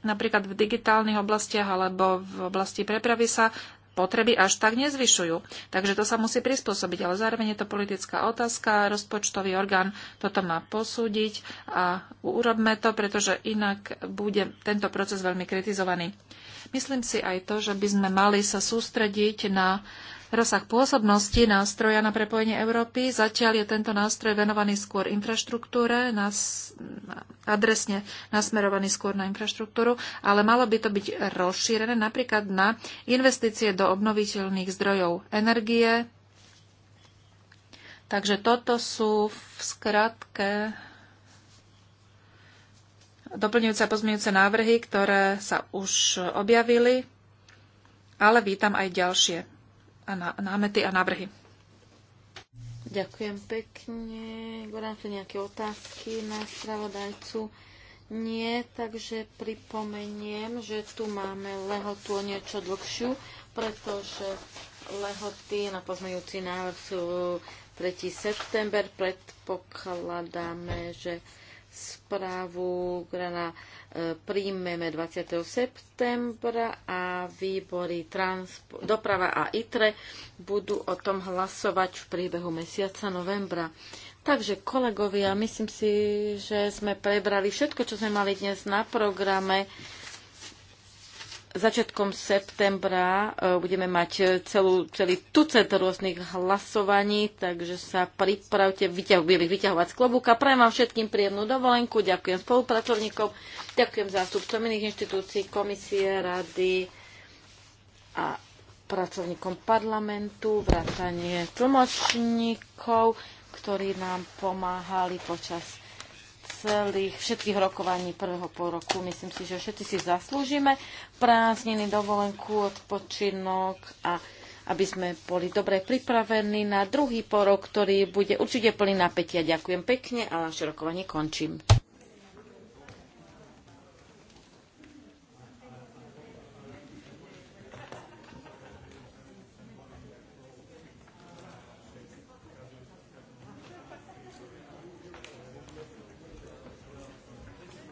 napríklad v digitálnych oblastiach alebo v oblasti prepravy sa potreby až tak nezvyšujú. Takže to sa musí prispôsobiť, ale zároveň je to politická otázka, rozpočtový orgán toto má posúdiť a urobme to, pretože inak bude tento proces veľmi kritizovaný. Myslím si aj to, že by sme mali sa sústrediť na rozsah pôsobnosti nástroja na prepojenie Európy. Zatiaľ je tento nástroj venovaný skôr infraštruktúre, nas, adresne nasmerovaný skôr na infraštruktúru, ale malo by to byť rozšírené napríklad na investície do obnoviteľných zdrojov energie. Takže toto sú v skratke doplňujúce a pozmeňujúce návrhy, ktoré sa už objavili, ale vítam aj ďalšie a námety a návrhy. Ďakujem pekne. Goran, tu nejaké otázky na spravodajcu? Nie, takže pripomeniem, že tu máme lehotu o niečo dlhšiu, pretože lehoty na poznajúci návrh sú 3. september. Predpokladáme, že správu na e, príjmeme 20. septembra a výbory Transpo- doprava a ITRE budú o tom hlasovať v priebehu mesiaca novembra. Takže kolegovia, myslím si, že sme prebrali všetko, čo sme mali dnes na programe začiatkom septembra e, budeme mať e, celú, celý tucet rôznych hlasovaní, takže sa pripravte, vyťah, ich vyťahovať z klobúka. Prajem vám všetkým príjemnú dovolenku, ďakujem spolupracovníkom, ďakujem zástupcom iných inštitúcií, komisie, rady a pracovníkom parlamentu, vrátanie tlmočníkov, ktorí nám pomáhali počas celých všetkých rokovaní prvého pol roku. Myslím si, že všetci si zaslúžime prázdniny, dovolenku, odpočinok a aby sme boli dobre pripravení na druhý porok, ktorý bude určite plný napätia. Ďakujem pekne a naše rokovanie končím.